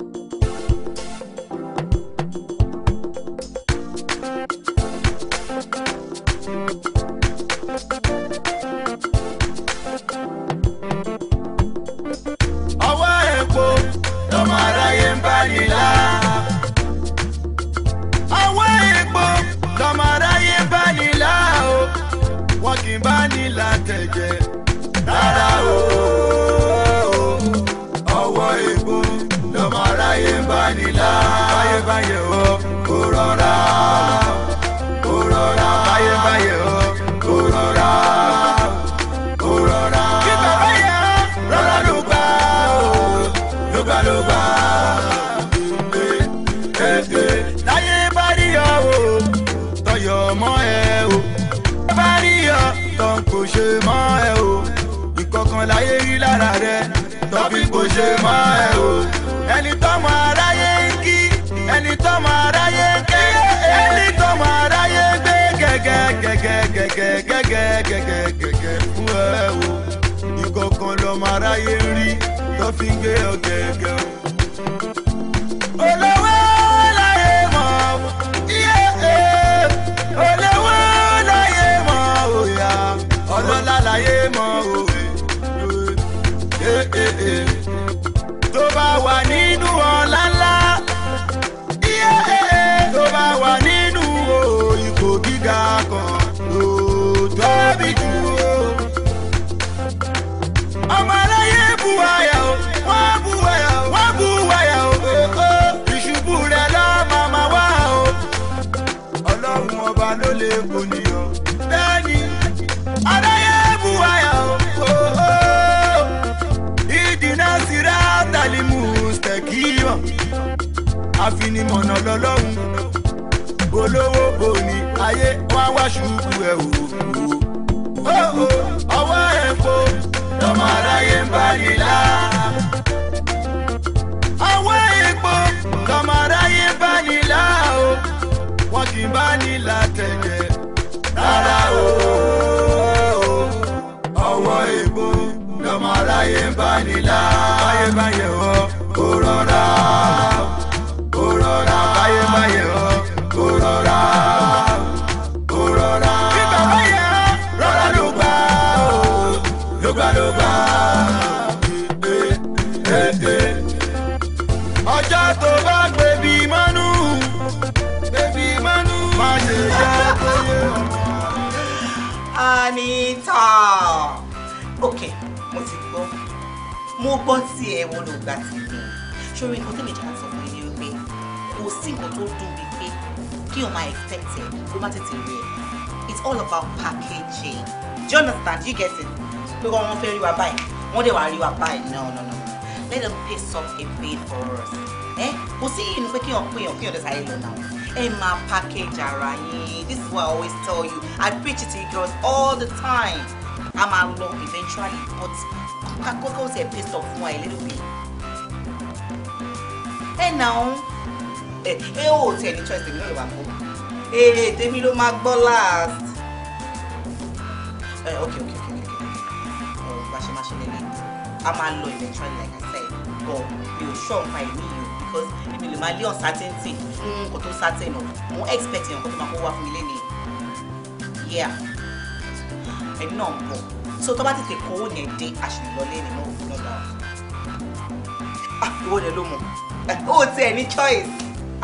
you. tó bá gbé bí mọ́nú bébí mọ́nú má ṣe jẹ́ kó yé Anita ok mo ti gbọ́ mo gbọ́ tí ẹ wọ́n lò gbà tí mi ṣorí nǹkan tẹ́mi jà sọ fún ilé wípé kò sí nǹkan tó dùn bíi pé kí o máa expect ẹ kó má tètè rí ẹ it's all about packaging do you understand do you get it pé wọ́n wọ́n fẹ́ rí wa báyìí wọ́n dẹ̀ wá rí wa báyìí no no no let them pay something paid for us. Eh, kò sí yìí ni pé kí ọ̀pẹ ọ̀kẹ́ ọ̀dẹ sáré lọ náà ẹ máa package ara yín this is what I always tell you I preach it to you girls all the time a máa lọ eventually but kókó ṣe paste up fún wa a little bit ẹ náà ẹ ẹ ò tẹ̀ ní choice tèmi ló lè wà fún èrè tèmi ló máa gbọ́ last ẹ eh, ok ok ok ok ẹ oh, bá ṣe máa ṣe lélẹ̀ a máa lọ eventually like I said but mi ò ṣọ̀npa ẹ̀mí yìí because èmi lè máa lé uncertainty fún mm. nǹkan tó certain o mo expect èèyàn kan tó máa kó wá fún ilé ni yeah ẹni náà ń bọ̀ so tó bá tètè kó owó yẹn dé àṣìlélọ́lé ni mo rò lọ́dọ̀ ìwọ ni ló mọ̀ eh, ó tiẹ̀ ní choice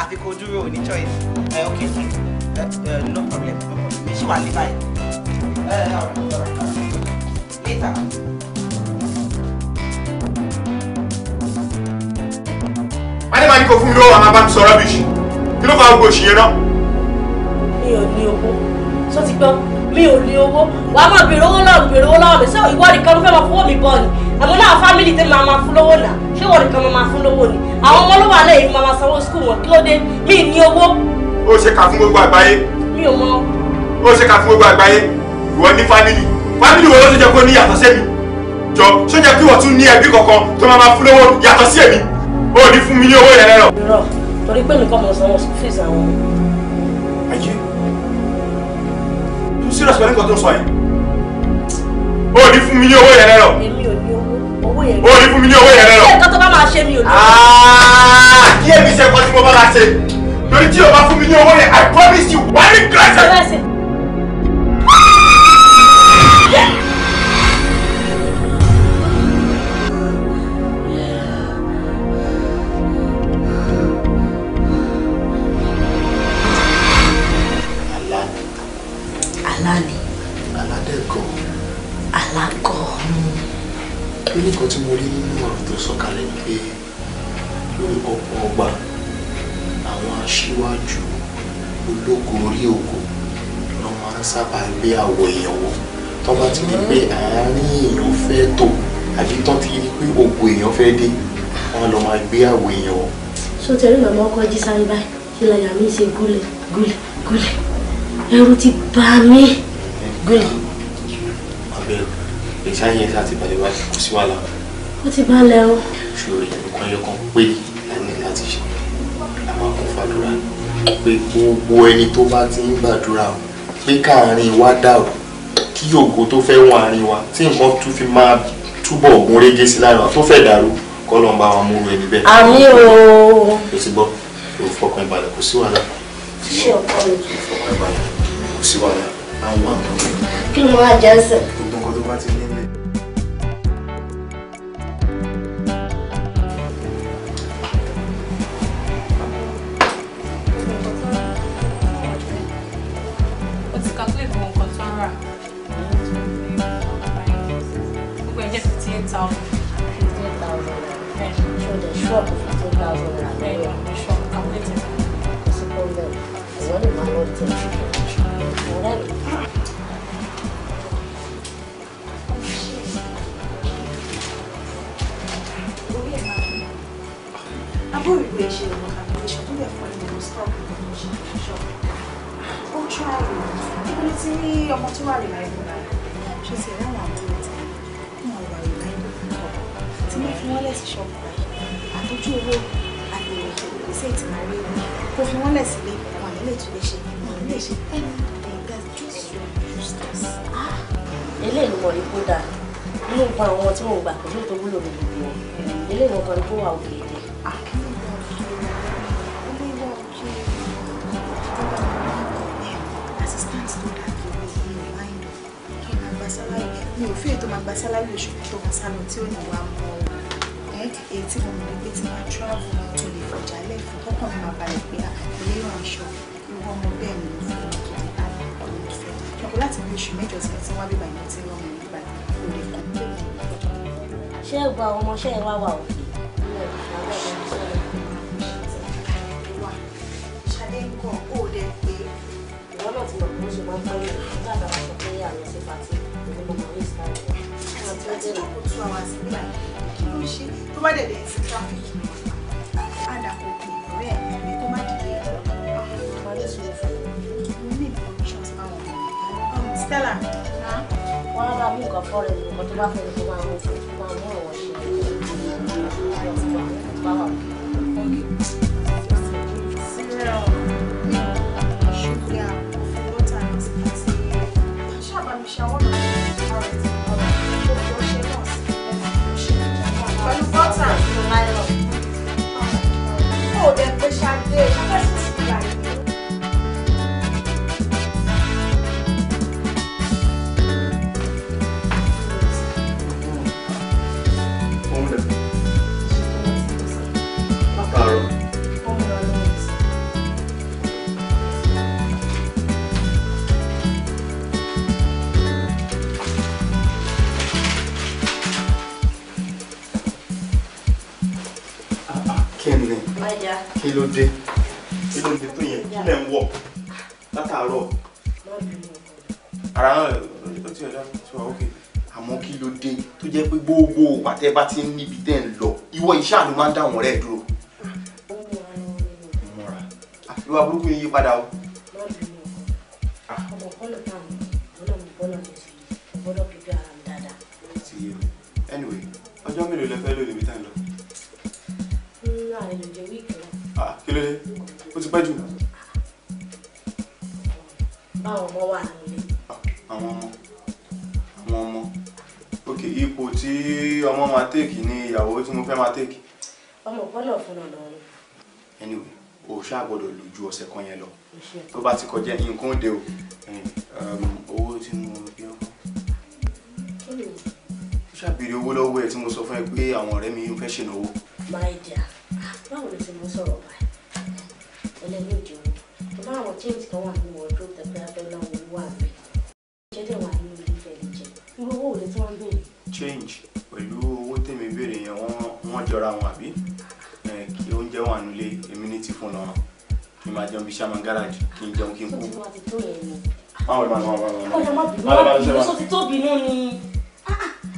àfi kó dúró ní choice eh, ok ẹ eh, no problem no problem mi ṣì wà ní báyìí later. adé máa ní kó fún mi lówó àwọn abá mi sọ rọ́bìṣì kí ló fà gbogbo òṣìyẹn náà. mi ò ní owó tó ti gbọ́ mi ò ní owó wà á máa bèrè owó náà bèrè owó náà mi sọ ìwọ nìkan ló fẹ́ máa fowó mi bọ̀ ni àmọ́ náà fámìlì tẹ́ máa máa fún lówó náà ṣé ìwọ nìkan máa máa fún lówó ni àwọn ọmọ ló wà lẹ́yìn máa máa sanwó skul wọn kí ló dé mi ní owó. ó ṣe kà fún gbogbo àgbáyé. mi ò mọ. ó ṣe kà fún gbogbo àgbáyé ìwọ ní fámìlì fámìlì wo ló ṣe jẹ kó ní yàtọ̀ sẹ́mi jọ ṣó jẹ kí wọ́n tún ní ẹbí kankan tó máa máa fún lówó yàtọ̀ sí èmi o ò ní fún mi ní owó yẹn náà. irọ́ torí pé nǹkan mọ̀ sanwó school fees àwọn. ayé tún serious pẹ̀lú nǹkan tó ń sọ yẹn o ò ní fún mi ní owó yẹn náà. èmi ò ní owó owó yẹn. o ò ní fún mi ní owó yẹn náà. ṣé nǹkan tó bá máa ṣe mi ò ní. Ah, kí èmi ṣe kọ́ tí mo bá máa ṣe torí tí o bá fún mi ní owó yẹn I promise you one hundred àwọn aṣíwájú ológun orí ògo ló máa ń sábà gbé àwọ̀ èèyàn wọ̀ tó bá ti di pé àárín èèyàn fẹ́ tò àbí tó ti di pé ògo èèyàn fẹ́ dé wọn lọ máa gbé àwọ̀ èèyàn wọ̀. so tẹ̀lé màmá ọkọ jí sáré báyìí ṣe làyà mi ṣe gúlẹ̀ gúlẹ̀ gúlẹ̀ ẹ̀rù ti bà mí gúlẹ̀. abẹ́rù èyí sáyẹn ti balẹ̀ wá kò sí wàhálà. ó ti balẹ̀ o. ṣòro ìtẹ̀kùn ayọ̀kan pé gbàdúrà pé gbogbo ẹni tó bá ti ń gbàdúrà o pé káàárín wa dàrú kí ògo tó fẹ́ wọn àárín wa tí nǹkan tún fi máa túbọ̀ gún régé sí láàrin wa tó fẹ́ dàrú kọ́ ló ń bá wa mú ru ẹni bẹ́ẹ̀. àmì o. o ti gbọ́ o fọkàn ìbàlẹ̀ kò sí wàhálà. ṣé ọkọ mi. fọkàn ìbàlẹ̀ kò sí wàhálà. àwọn àgbọn. kí ni wọn á jẹ ẹsẹ. gbogbo nǹkan tó bá ti ní Stella. Wọ́n á bá mú nǹkan fọ́ rẹ̀ nǹkan tó bá fẹ́ kó máa mú kó máa mú ọ̀wọ́ ṣe. kí ló dé kí ló dé tó yẹn kí lẹ̀ ń wọ̀ látàárọ̀ ara náà ó ti ọjà ti wà ókè àmọ́ kí ló dé tó jẹ́ pé gbogbo pàtẹ́ bá ti ń níbi tẹ́ ń lọ ìwọ iṣẹ́ àánú máa ń dá àwọn ọ̀rẹ́ dúró. ìmọ̀ra ah, ah, àfiwá burúkú yìí yí padà o. ju ọ̀sẹ̀ kan yẹn lọ tó bá ti kọjá nǹkan òde o owó tí mo bí ọkọ ṣàbèrè owó lọ́wọ́ ẹ̀ tí mo sọ fún ẹ pé àwọn ọ̀rẹ́ mi fẹ́ ṣèlówó. my dear báwo ló ti mú sọ̀rọ̀ báyìí ọ̀lẹ́ni òjò tó bá àwọn james kan wà nínú ọ̀rẹ́ gáràjì kí n jẹun kí n kú. máa wẹ̀ máa wẹ̀ máa wẹ̀. ọ̀dà máa bínú máa bínú sọ ti tó bínú ni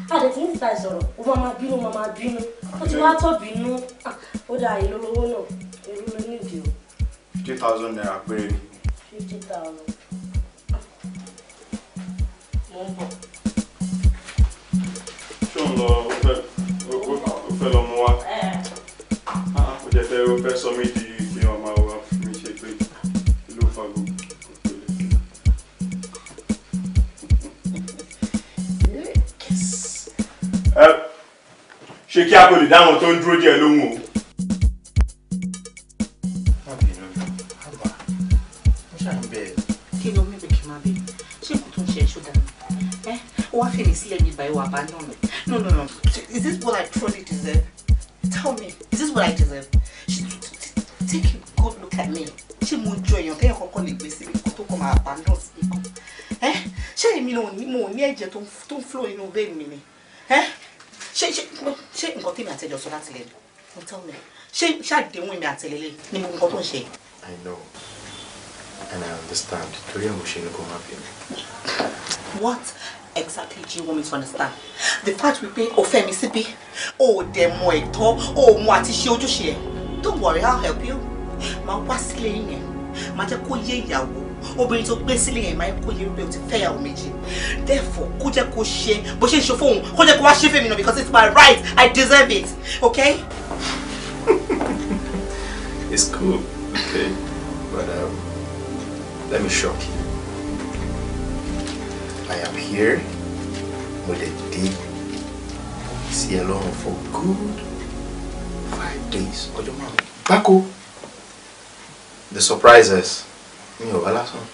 àdè tí ah, ah, ń ta ìsọ̀rọ̀ ó máa máa bínú máa máa bínú ó ti wá tó bínú ah, ó dà èlò lówó náà èlò ló ní ìdí o. fifty thousand naira péré ni. fifty thousand mo ń bọ̀. ṣé òun lọ ó fẹ́ lọ mú wa eh. ó jẹ́ fẹ́ ó fẹ́ sọ mí di ṣe kí a kò lè dá àwọn tó ń dúró díẹ̀ lóhùn o. kí ló mímu kí n máa bẹ ṣé kò tó ṣe ẹṣọ ẹ wá fèrè sí ẹni báyìí wà bá náà mi àtẹlẹlẹ ní gbogbo nǹkan tó ń ṣe. I know and I understand torí àwọn òṣèlú kò máa bínú. What exactly do you want me to understand? The fact we pay fẹ́ mi síbí, o ò dẹ̀ mọ ẹ̀tọ́, o ò mọ àti ṣe ojúṣe Don't worry, I'll help you. Màá wá sílé yẹn, màá jẹ́ kó yé ìyàwó obìnrin tó gbé sílé yẹn máa ń kó yẹn pé o ti fẹ́ ìyàwó méjì therefore kó jẹ́ kó ṣe bó ṣe ń ṣe fóun kó jẹ́ kó wá ṣe fèmí náà because it's my right I deserve it okay. It's cool, okay, but um, let me shock you. I am here with a deep see alone for good five days. Ojo mami, Paco, the surprises. Mi ò bá lásán.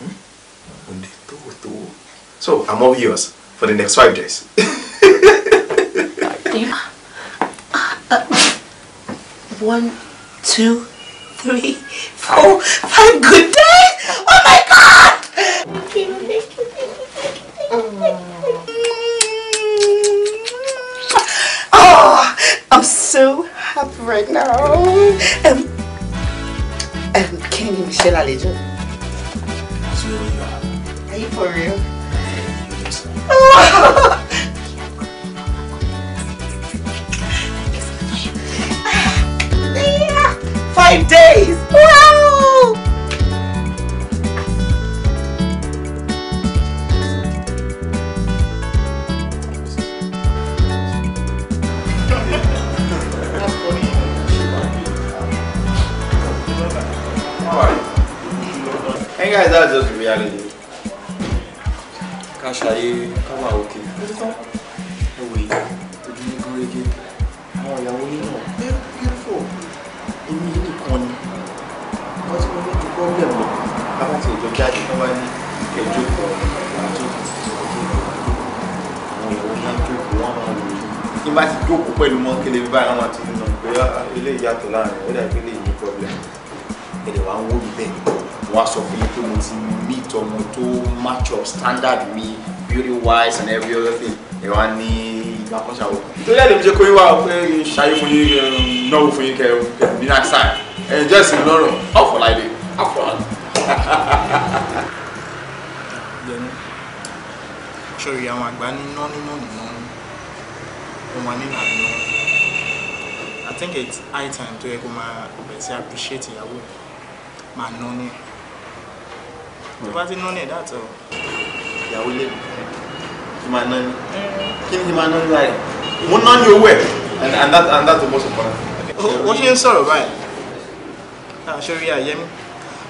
Hmm? tó tó. So I'm all yours for the next five days. Uh, one two, three, four, five. Good day! Oh my God! Oh, I'm so happy right now. Um, um, can you share a little? Are you for real? Oh. five days. Wow! Hey guys, that's just reality. Ká ṣayé, ká wà òkè. Ẹ wòye, ojú ní gúrégé, àwọn ìyàwó nínú ọ̀pọ̀. problem o bàbá ti ìjọ jáde tó wá ní ẹjọ́ kọ àjọ àwọn ìyàwó náà jókòó wọn máa lò ní bá ti jókòó pẹ̀lú mọ́ kele bí báyìí wọn ti ń nà pé ilé ah, ìyàtọ̀ láàrin ó dàbí ilé ìyí problem ẹ̀dẹ̀ wá ń wó mi bẹ́ẹ̀ wọ́n á sọ fún yín pé mo ti meet ọmọ tó match up standard mi beauty wise and every other thing ẹ̀ wá ní ìgbà kan ṣàwọ̀ tó yẹ lè fi jẹ́ kó yín wá pé ṣayé fún yín um, náwó fún yín kẹ́ ẹ̀ ní náà sáà ẹ̀ jẹ́sìn lọ́rọ̀ ọ̀fọ̀ láìdé yẹnu sọ̀rọ̀ àwọn àgbà níná níná níná ọmọ níná níná I think it's high time to yẹ kó máa bẹ̀rẹ̀ sí appreciate ìyàwó máa ná ní ẹ̀ tó bá ti ná ní ẹ̀ dàtọ̀. ìyàwó lè kí máa ná ní mm. kí ni máa ná ní láì mo ná ní owó ẹ̀ and that and that the most important. ó ṣe ń sọ̀rọ̀ báyìí àṣọ ah, rí àyẹ́mí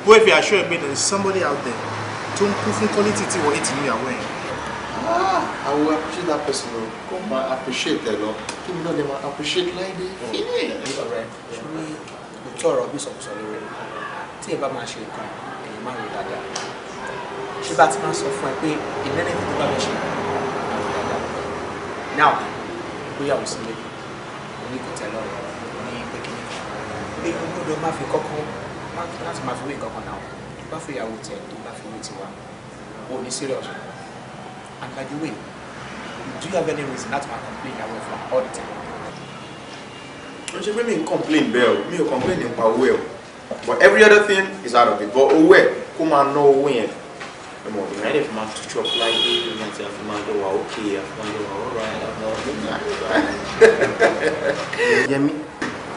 who if you are there is somebody out there tó ń kú fún quality tí wọ́n ètì níyàwó Ah, I will appreciate that person o kó máa appreciate ẹ lọ kí mi náà lè máa appreciate láìdé. ṣùgbọ́n òótọ́ ọ̀rọ̀ bí sọ̀kùsọ̀ lórí tí ẹ bá máa ṣe nǹkan èyí máa rò dáadáa ṣé bá ti máa sọ fún ẹ pé ìmẹ́rin tó bá mi ṣe máa rò dáadáa now ìgbéyàwó sílé oníkòtẹ́lọ́rọ̀ ní pé kí ni pé gbọ́dọ̀ má fi kọ́kọ́ láti máa fi wé nǹkan kan náà bá fi ìyàwó tiẹ̀ tó bá fi wé tiwa o ní serious and by the way do you have any reason láti máa complain ìyàwó ẹ̀ fún all the time. ó ṣe pé mi ń complain bẹ́ẹ̀ o mi ò complain nípa owó ẹ̀ o but every other thing is out of it but owó ẹ̀ kó máa ná owó yẹn ọmọ obìnrin ẹ̀dẹ̀ fi máa tutù ọ̀pọ̀ láyé ní àti àfimajọ wa òkè àfimajọ wa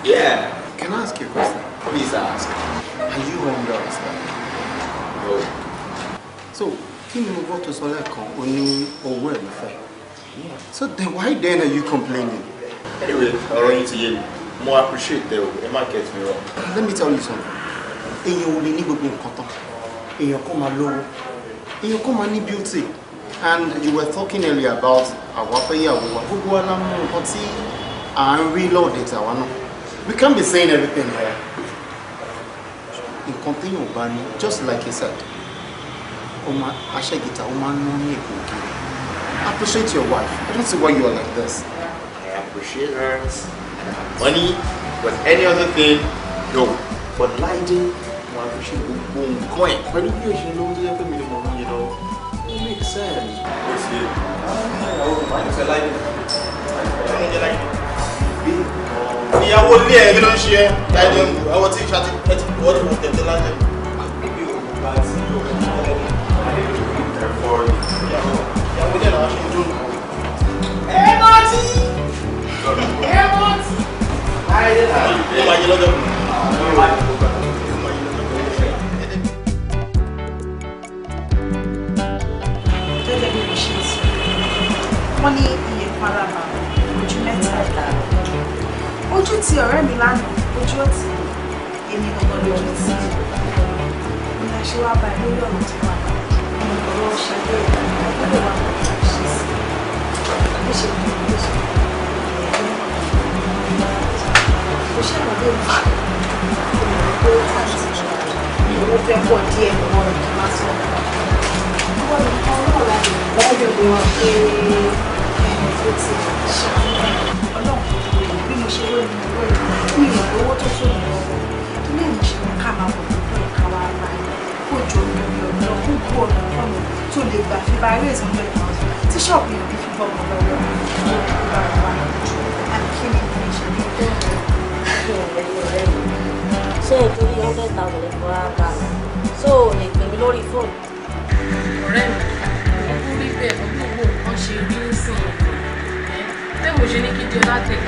Yeah. Can I ask you a question? Please ask. Are you went down sir. so can you mo to tó sọ lẹ́ẹ̀kan o before? owó so then why then are you complaining. anyway ọ̀rọ̀ yín ti yé mi mo appreciate though, it might get me wrong. let me tell you something èèyàn ò lè ní gbogbo nǹkan tán èèyàn kò máa lówó èèyàn kò máa ní beauty and you were talking earlier about our fẹ́yàwó wa gbogbo wa la mú nǹkan tí à ń rí lọ́ọ̀dẹ̀ we can't be saying everything here nǹkan téèyàn bá just like he said Oma, aṣẹ́gìtà ó máa ń ná ní appreciate your wife I don't see why you are like this. I appreciate her money but any other thing no but Láìdé mo appreciate gbogbo nǹkan ẹ̀ pẹ̀lú bí òṣèlú ló ń tó yẹ pé mi lè mọ̀ ọ́n yẹn lọ it makes sense. ó ṣe é. ó máa ń fẹ́ Láìdé. ó ń jẹ́ Láìdé ìyàwó ilé ẹ̀ ló ń ṣe ẹ́ ẹ̀jẹ̀ ń bù tí ìṣàtì ti wọ́n ti yóò fún ọ̀rẹ́ mi àlejò ẹ̀fọ́ ojú ti ọ̀rẹ́ mi lánàá ojú ọ̀tí èmi gangan lójú ti ní aṣíwá báyìí lórí ọ̀rọ̀ tó wà ní ọ̀rọ̀ ṣàdé ìgbàlódé wà ṣe sí bí ṣe kú ló ṣe kó ṣàmọ̀ bí mo ṣe kó káàtì ìwọ fẹ́ pọ̀ díẹ̀ lọ́wọ́ rẹ̀ kí n má sọ ọ́ nǹkan náà láti láyọ̀ bí wọ́n pé ẹ̀ẹ́dẹ́gbẹ̀tì ṣàmúlò ọlọ́run ṣe lóyún mi ò mọ̀ owó tó tó mi lọ́wọ́ ilé mi ṣe wọn ká máa bọ̀ nípa ìka wa ara ẹ̀ kó jọ mi rí ọ̀nà kó kú ọ̀nà fọ́nà tó lè gbà fi bá eré ìsọ̀njọ́ ìwọ̀n tí ṣọ́ọ̀bù yẹn fi bọ́ ọmọ lọ́wọ́ ìwọ̀n ìgbà wa àkíní mi ṣe ní ṣé ìtorí hundred thousand ẹ̀kọ́ á bá mi so lè pè mí lórí fóònù. ọ̀rẹ́ mi ọkùnrin bẹ́ẹ̀ ọdún owó nǹkan ṣe rí ń sìn ẹ́ bẹ́ẹ̀ mo ṣe ní kí di ọlá tẹ̀lé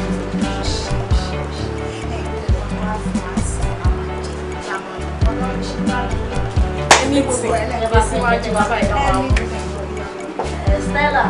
Eu Ela se vai de é, Stella.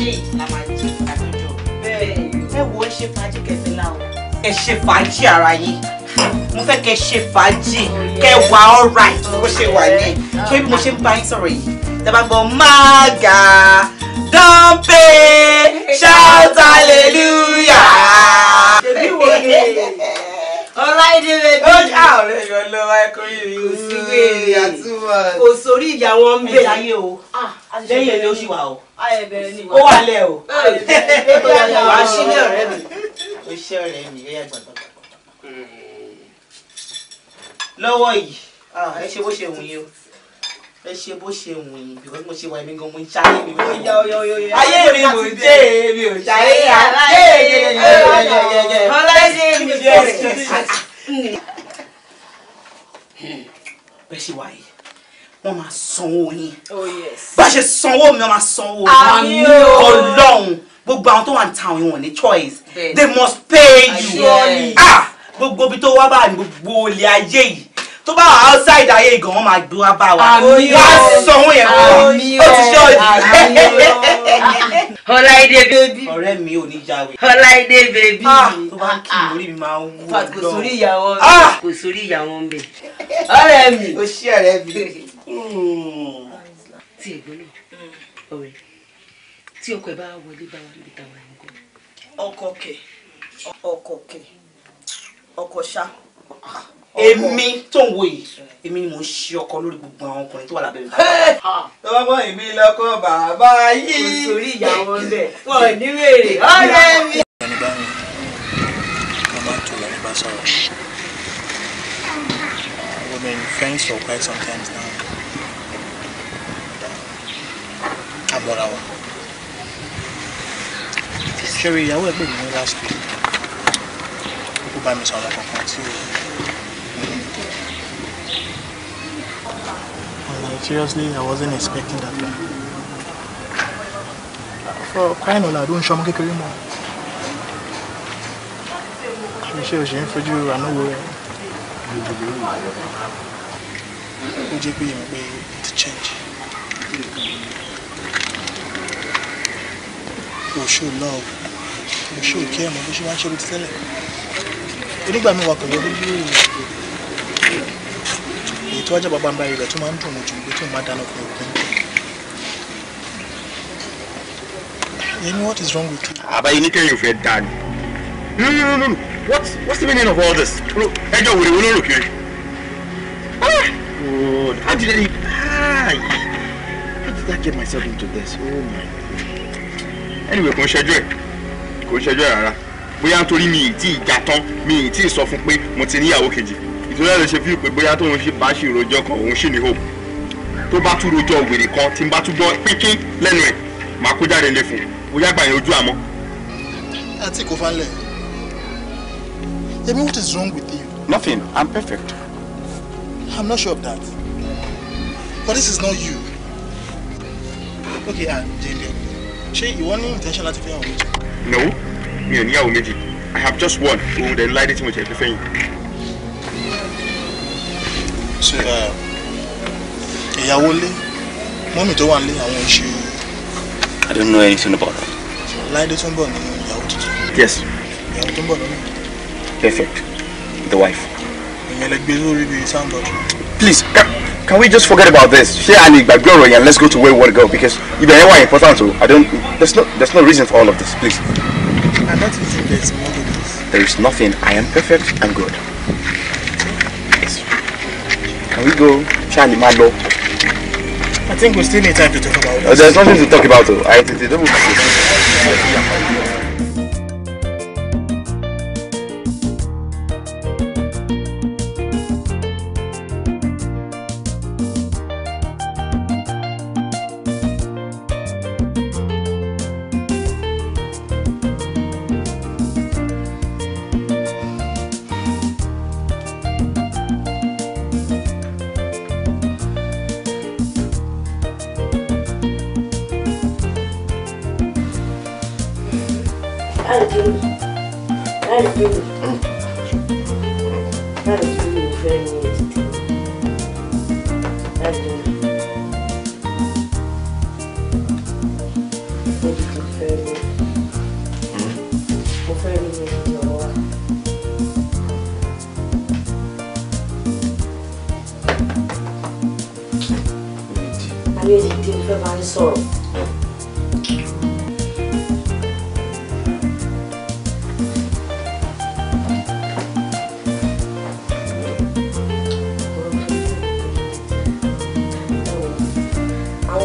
ṣe la máa jẹ àtọjọ bẹ́ẹ̀ ẹ wo ẹ ṣe fàájì kẹfìlà o. ẹ ṣe fàájì ara yín mo fẹ́ kẹ́ ṣe fàájì oh, kẹ́ wà alright bó ṣe wà ní ṣé oh, bí mo ṣe ń bá yín sọ̀rọ̀ yìí dábàá gbọ́ máa gà á dán shout hallelujah. ṣèbí wo ni ọláìdé bèbí. ó jà ọ̀rẹ́ yọ lọ́wọ́ ẹ̀kọ́ yìí kò sí wéèrè àtúwọ̀. kò ìyàwó ń bè. ẹ̀yà yìí o lẹ́yìn ẹni ó ṣì o ó wà lẹ o wà á sílé ọ̀rẹ́ mi ó ọ̀rẹ́ mi ó yà gbàgbàgbà lọ́wọ́ yìí ẹ ṣe bó ṣe wù yín o ẹ ṣe bó ṣe wù yín because mo ṣe wà èmi gan mo ń ṣayé mi mo ṣe wà ayé mi mo dé mi ò ṣayé àlàyé ọlọ́yẹ mi jẹ́ hmm. bẹ́ẹ̀ ṣe wà yìí wọ́n máa sanwó yín oh, bá ṣe sanwó mi wọ́n máa sanwó yín ọlọ́run gbogbo àwọn tó wà ń ta àwọn ìwọ̀n ní choice they must pay you ah gbogbo ibi tó wá bá gbogbo olè ayé yìí tó bá wà outside ayé gan wọn máa gbé wá bá wa wá sanwó yẹn wọn ó ti ṣe òdì. Ọláìdé bèbí. ọ̀rẹ́ mi ò ní jáwé. Ọláìdé bèbí. Ah, tó bá kì í orí mi máa ń wú ọ lọ. Ah! kò sórí ìyàwó ń bẹ. ọ̀rẹ́ mi. o ṣí ọ̀rẹ́ mi tí ẹ̀gbọ́n náà ọ̀rẹ́ tí ọkọ ẹ bá wọlé bá wa níbi táwa ẹ̀ ń kọ́. ọkọ kẹ ọkọ kẹ ọkọ ṣá. Ah, èmi tó ń wo yìí èmi ni mò ń ṣe ọkọ lórí gbogbo àwọn ọkùnrin tó wà lábẹ́ mi. tọ́wọ́ èmi lọ́kọ bàbá yìí. kò sórí ìyàwó ńlẹ̀ wọ́n ní wèrè ọ̀rẹ́ mi. ẹni bá we've been uh, friends for quite some time now. ká bọ́ra wa ṣeré ìyàwó ẹgbẹ́ mi ní last week ó bá mi sọ̀rọ̀ kankan tí o seriously, I wasn't expecting that For crying out I don't show me kékeré mọ́. Ṣé o ṣe ń fojú ànáwó rẹ̀? Ó jẹ́ pé èmi pé it change kò ṣó love kò ṣó kí ẹ̀ mọ̀ bó ṣe wá ń ṣe bí ti tẹ́lẹ̀ onígbà mi wà pẹ̀lú olójú èyí tó wájà bàbá ń bá rẹ̀ tó máa ń dùn jù pé tó máa dáná kò kún. yẹn what is wrong with you. àbáyé ní kẹyìn òfin ẹ dáa ni no no no no no what what's the meaning of all this ẹjọ wèrè wo ló rò kiri ah oh how did i ah how did i get myself into this oh my anyway kò ń ṣẹjú ẹ kò ń ṣẹjú ẹ rárá bóyá nítorí mi ì tí ì já tán mi ì tí ì sọ fún pé mo ti níyàwó kejì ìtòlú ẹ̀ lè ṣe fíìpé bóyá tóun bá ṣì rojọ́ kan òun ṣì ní hope tó bá tún rojọ́ wèrè kan tí n bá tún gbọ́ pínpín lẹ́nu ẹ̀ màá kó jáde lé fún un bóyá gbà yẹn ojú àmọ́. àti kò falẹ̀ Yemi what is wrong with you. nothing i'm perfect. i'm not sure of that but this is not you. okay and Jane ṣé ìwọ ní intention láti fẹ́yàwó méjì. no mi ò níyàwó méjì i have just one òun dẹ̀ láìdé tí mo tẹ̀ fi fẹ́yìn. ṣe uh, ìyàwó lé mọ́mì tó wà lé àwọn iṣẹ́. i don't know anything about that. láìdé tó ń bọ̀ ní ìyàwó tuntun. yes. ìyàwó tó ń bọ̀ lọ́nà. perfect the wife. ìyẹn lè gbé lórí bíi soundboard. please come. Can we just forget about this? Ṣé a ní ìgbàgbé ọ̀rọ̀ let's go to where we want to go because ibẹ̀ yẹn wà important o. I don't there's no there's no reason for all of this please. I don't think there's more to this. There is nothing. I am perfect and good. Can we go? Ṣé a lè máa I think we still need time to talk about this. Uh, there's nothing to talk about o. I tètè dẹ́mu kàṣẹ́.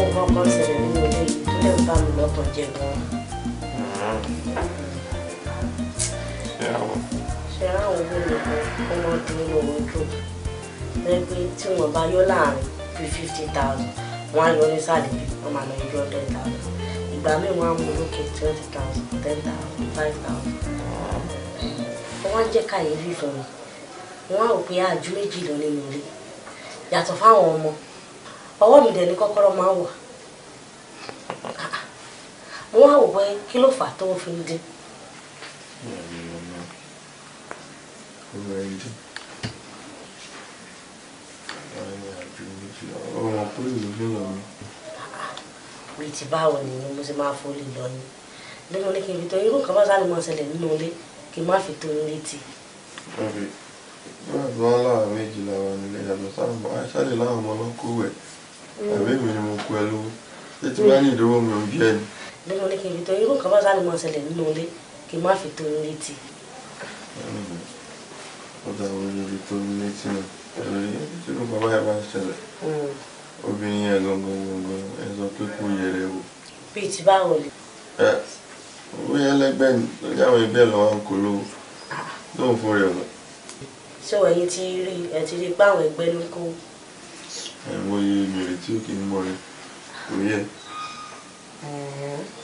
àwọn nǹkan kan ṣẹlẹ̀ nínú ilé tó lè bá mi lọ́kàn jẹ́ gan. ṣe ráwọn owó nìkan kó wọ́n dún nínú owó tó lẹ́gbẹ́ tí wọ́n bá yọ láàrin bíi fifty thousand wọ́n á yọ nísàlẹ̀ bíi wọ́n máa lọ yọ ten thousand ìgbà míì wọ́n á mú lókè twenty thousand ten thousand five thousand wọ́n jẹ́ kàyéfì mi wọ́n á rò pé àjù ọwọ́ mi dẹ̀ ni kọ́kọ́rọ́ máa ń wà mo wá wò pé kí ló fà á tó fi ń dín. ọmọ pólì ló lọ mi. mi ti báwo nìyẹn mo ti máa fọlé lọ yín nínú ilé kí n fi tó irú nǹkan bá sáré máa ṣẹlẹ̀ nínú ilé kí n má fi tó yín létí. báyìí wọn láwọn méjì làwọn nílé yàtọ̀ sáà mọ́ àìsàn lè láwọn ọmọ ọlọ́kọ̀ Mm. ẹ̀mí mi ni mo kú ẹ lówó títí bá ní ìdánwò mi ò bí ẹ ni. lẹ́nu ní kí n fi tó irú nǹkan bá sáré mọ́ ṣẹlẹ̀ nínú ilé kí n má fi tó yín létí. ó dà wọ́n lórí tó yín létí náà lórí tí nǹkan bá yẹ bá ṣẹlẹ̀ mm. obìnrin yẹn gangan gangan ẹ sọ pé kó yẹrẹ o bíi ti báwo ni. ẹ ó yẹ lẹgbẹ ni lórí àwọn ẹgbẹ lọ wá kó lówó ah. lóhùn fún rẹ mọ. ṣé wọ́n yín ti rí ẹ ti rí pé àwọn ẹgbẹ́ ló kó ẹ̀wọ̀n iye mèrè tí ó kì í mọ̀rẹ́ kò yẹ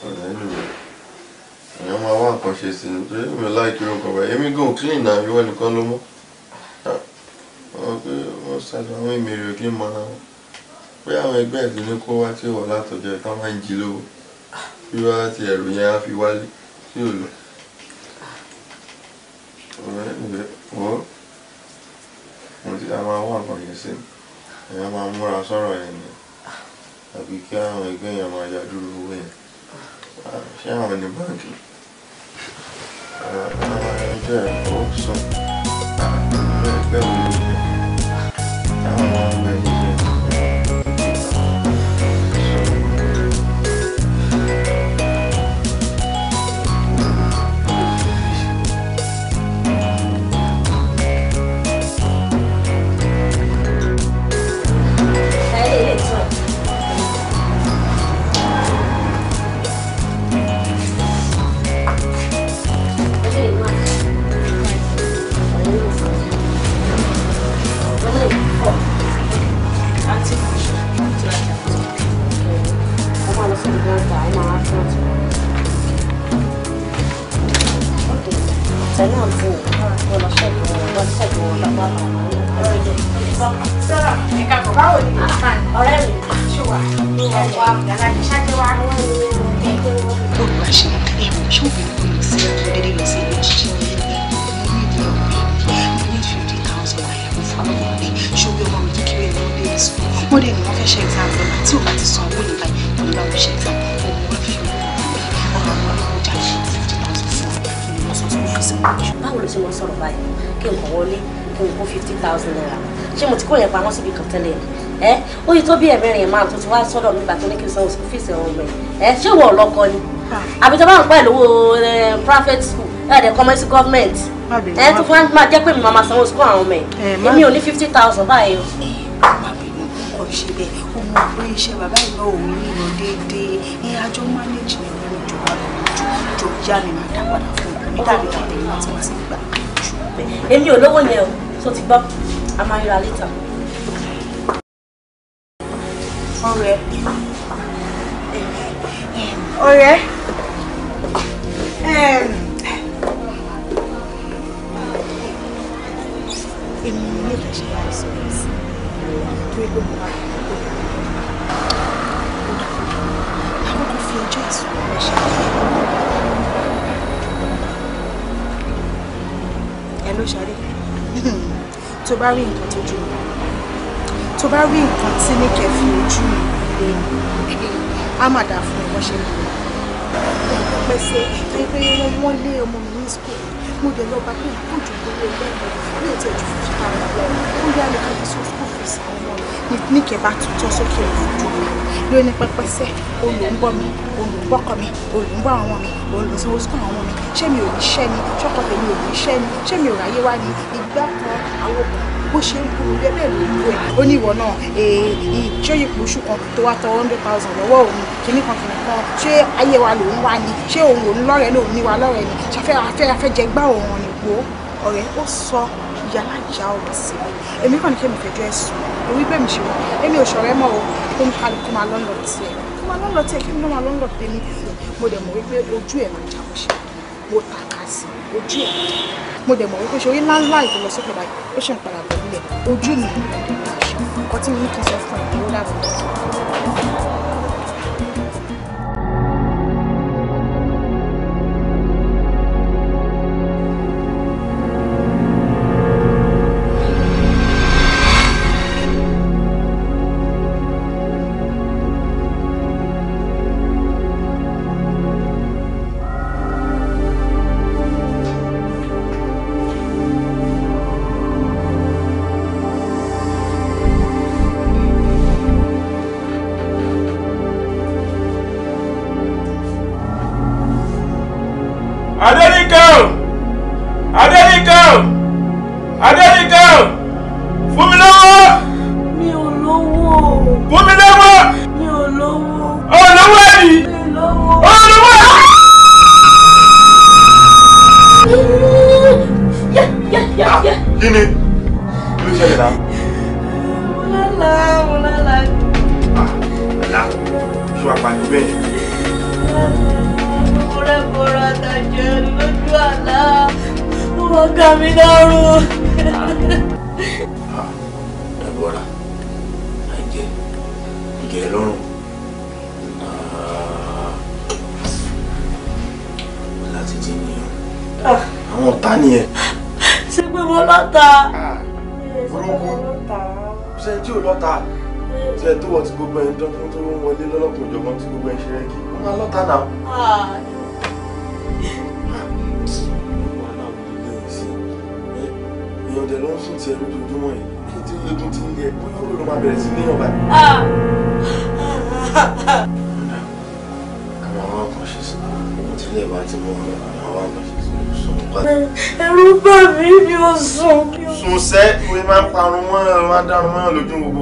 ọ̀rẹ́ nìyẹn èèyàn máa wá nǹkan ṣe sí ni pé mi ò láìkí irun kan èmi gan clean náà ìwọ nìkan ló mọ́ wọ́n pé wọ́n ṣàlù àwọn ìmèrè ò kí n mọ pé àwọn ẹgbẹ́ ẹ̀sìn ní kó wá tí ò wà látọ̀jọ́ ẹ̀ ká máa ń jí lówó bí wá ti ẹ̀rù yẹn á fi wálé tí ò lọ ọ̀rẹ́ nìyẹn wọ́n mo ti a máa wá sí ni èèyàn máa múra sọ̀rọ̀ yẹn ni àbí kí àwọn ẹgbẹ́ èèyàn máa ya dúró owó yẹn ṣé àwọn ní báńkì ẹgbẹ́ ẹ̀kọ́ sùn ẹgbẹ́ òye àwọn ọmọ ẹ̀yìn. wọ́n dẹ̀ ní wọ́n fẹ́ ṣe exam tí ò bá ti san owó yìí báyìí àbúrò àbí ṣe tán owó wà fi owó wà ọ̀rọ̀ ọmọ olówó jà fifty thousand fún wa kí ni wọ́n sọ fún fún sí. báwo ló ṣe mọ sọ̀rọ̀ báyìí kí nǹkan wọlé kí n kó fifty thousand naira ṣé mo ti kó yẹn pamọ́ síbi kan tẹ́lẹ̀ ẹ ó yẹ tó bí ẹ̀mẹ́rin ẹ̀ máa tó ti wá sọ́dọ̀ mi bàtọ́ ní kí n sanwó sí fíìsì ọ̀hún rẹ̀ ẹ ṣé wọ́n ọlọ́kọ ni àbí tó bá ń pa ìlówó private school ẹ̀ẹ́dẹ̀ commerce government ẹ̀ tó fún máa jẹ́ pé mi máa sanwó school àwọn ọmọ ẹ̀ èmi ò ní fifty thousand báyìí o. ẹ má bínú kò ṣe bẹ́ẹ̀ mọ̀ pé iṣẹ́ bàbá ìgbà òun yìí lọ déédéé ní àjọ mánéjì ní ìlú ìjọba lọ́jọ́ yá ni màá dá fún un nígbà tí àbí ìgbà tí wọ́n gbà. èmi ò lówó yẹn o tó ti gbọ́ a máa ríra létà. ọ̀rẹ́ ọ̀rẹ́ èmi ò ní ìfẹsẹ̀ àìsàn tó ẹgbẹ́ mi wá. ló ṣàrí tó bá rí nǹkan tó jù mí tó bá rí nǹkan tí ní kẹfì ojú mi lè á mà dà fún ẹ̀kọ́ ṣe lè pẹ́ sí pé wọ́n lé ọmọ mi ní school mo dẹ̀ lọ bá pé kó jù kó lè lẹ́kọ̀ọ́ ní ètò ìjùfẹ́ fún ara lọ ó yá lè kọ́ school fees àwọn níkẹ́ bá tutọ́ sókè òfurufú ló ní pẹpẹsẹ olùgbọ́ mi olùgbọ́kọ mi olùgbọ́ àwọn mi olùsanwó sùkọ́ àwọn mi ṣé mi ò ní iṣẹ́ ni ṣọ́kọ tèmi ò ní iṣẹ́ ni ṣé mi ò ráyé wá ni ìgbà kan àwọn kan bó ṣe ń kúrò bẹ́ẹ̀ bẹ́ẹ̀ ló ń kú ẹ̀ ó ní ìwọ náà ṣé eh, ipò oṣù kan tó wá tọ hundred thousand lọ́wọ́ òun kìíní kan kìíní kan ṣé ayé wa lòun wá ni ṣé òun òun lọ́rẹ̀ẹ́ lòun ní wa lọ́rẹ̀ẹ́ ni ṣàfẹ́ afẹ́ afẹ́ jẹ gbá òun ni wo ọ̀rẹ́ ó sọ ìyá alájà ọ̀rọ̀ sí mi èmi kàn ní kí èmi fẹjọ́ ẹ̀ sùn èmi bẹ́ẹ̀ mi ṣe wọ́n èmi ò ṣọ̀rẹ́ mọ́ o kó ń kálukú máa lọ́nlọ́ tiẹ̀ kó máa lọ́nlọ́ tiẹ̀ kí ló máa lọ́nlọ́ tiẹ̀ ní ìfún mo dẹ̀ mọ̀ wípé ojú ẹ̀ máa jà ó ṣe mo tàka sí ojú ẹ̀ mo dẹ̀ mọ̀ wípé ṣorí ńláńlá ìfọlọ́sọ́kọ̀ báyìí ó ṣe ń padà bọ̀ nílẹ̀ ojú mi nǹkan tí mo ní kí n sọ fún ẹ̀ ló dàbí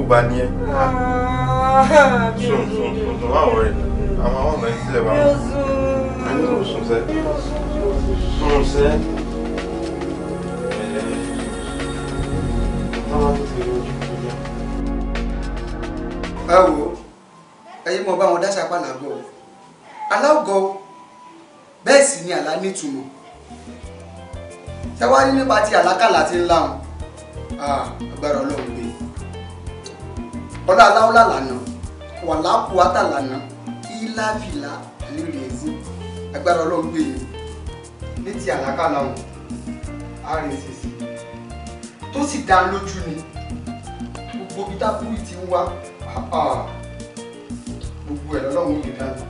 bá ní ẹ. Ah, sùn sùn sùn sùn wá wọrẹ àwọn àwọn ọmọ ẹ sílẹ̀ wá. a ní kò sùn sẹ sùn sẹ. ẹ wo ẹyẹ mọ bá wọn dá sapá làgọ alágọ bẹ́ẹ̀ sì ni àlá nítumọ̀ tẹwàá ní nípa ti àlákàlà ti ń láwọn àjàkálà o rncc tó sì dá lójú ni gbogbo ibi tábúrú ti ń wá gbogbo ẹ̀ lọ́lọ́run lè dáná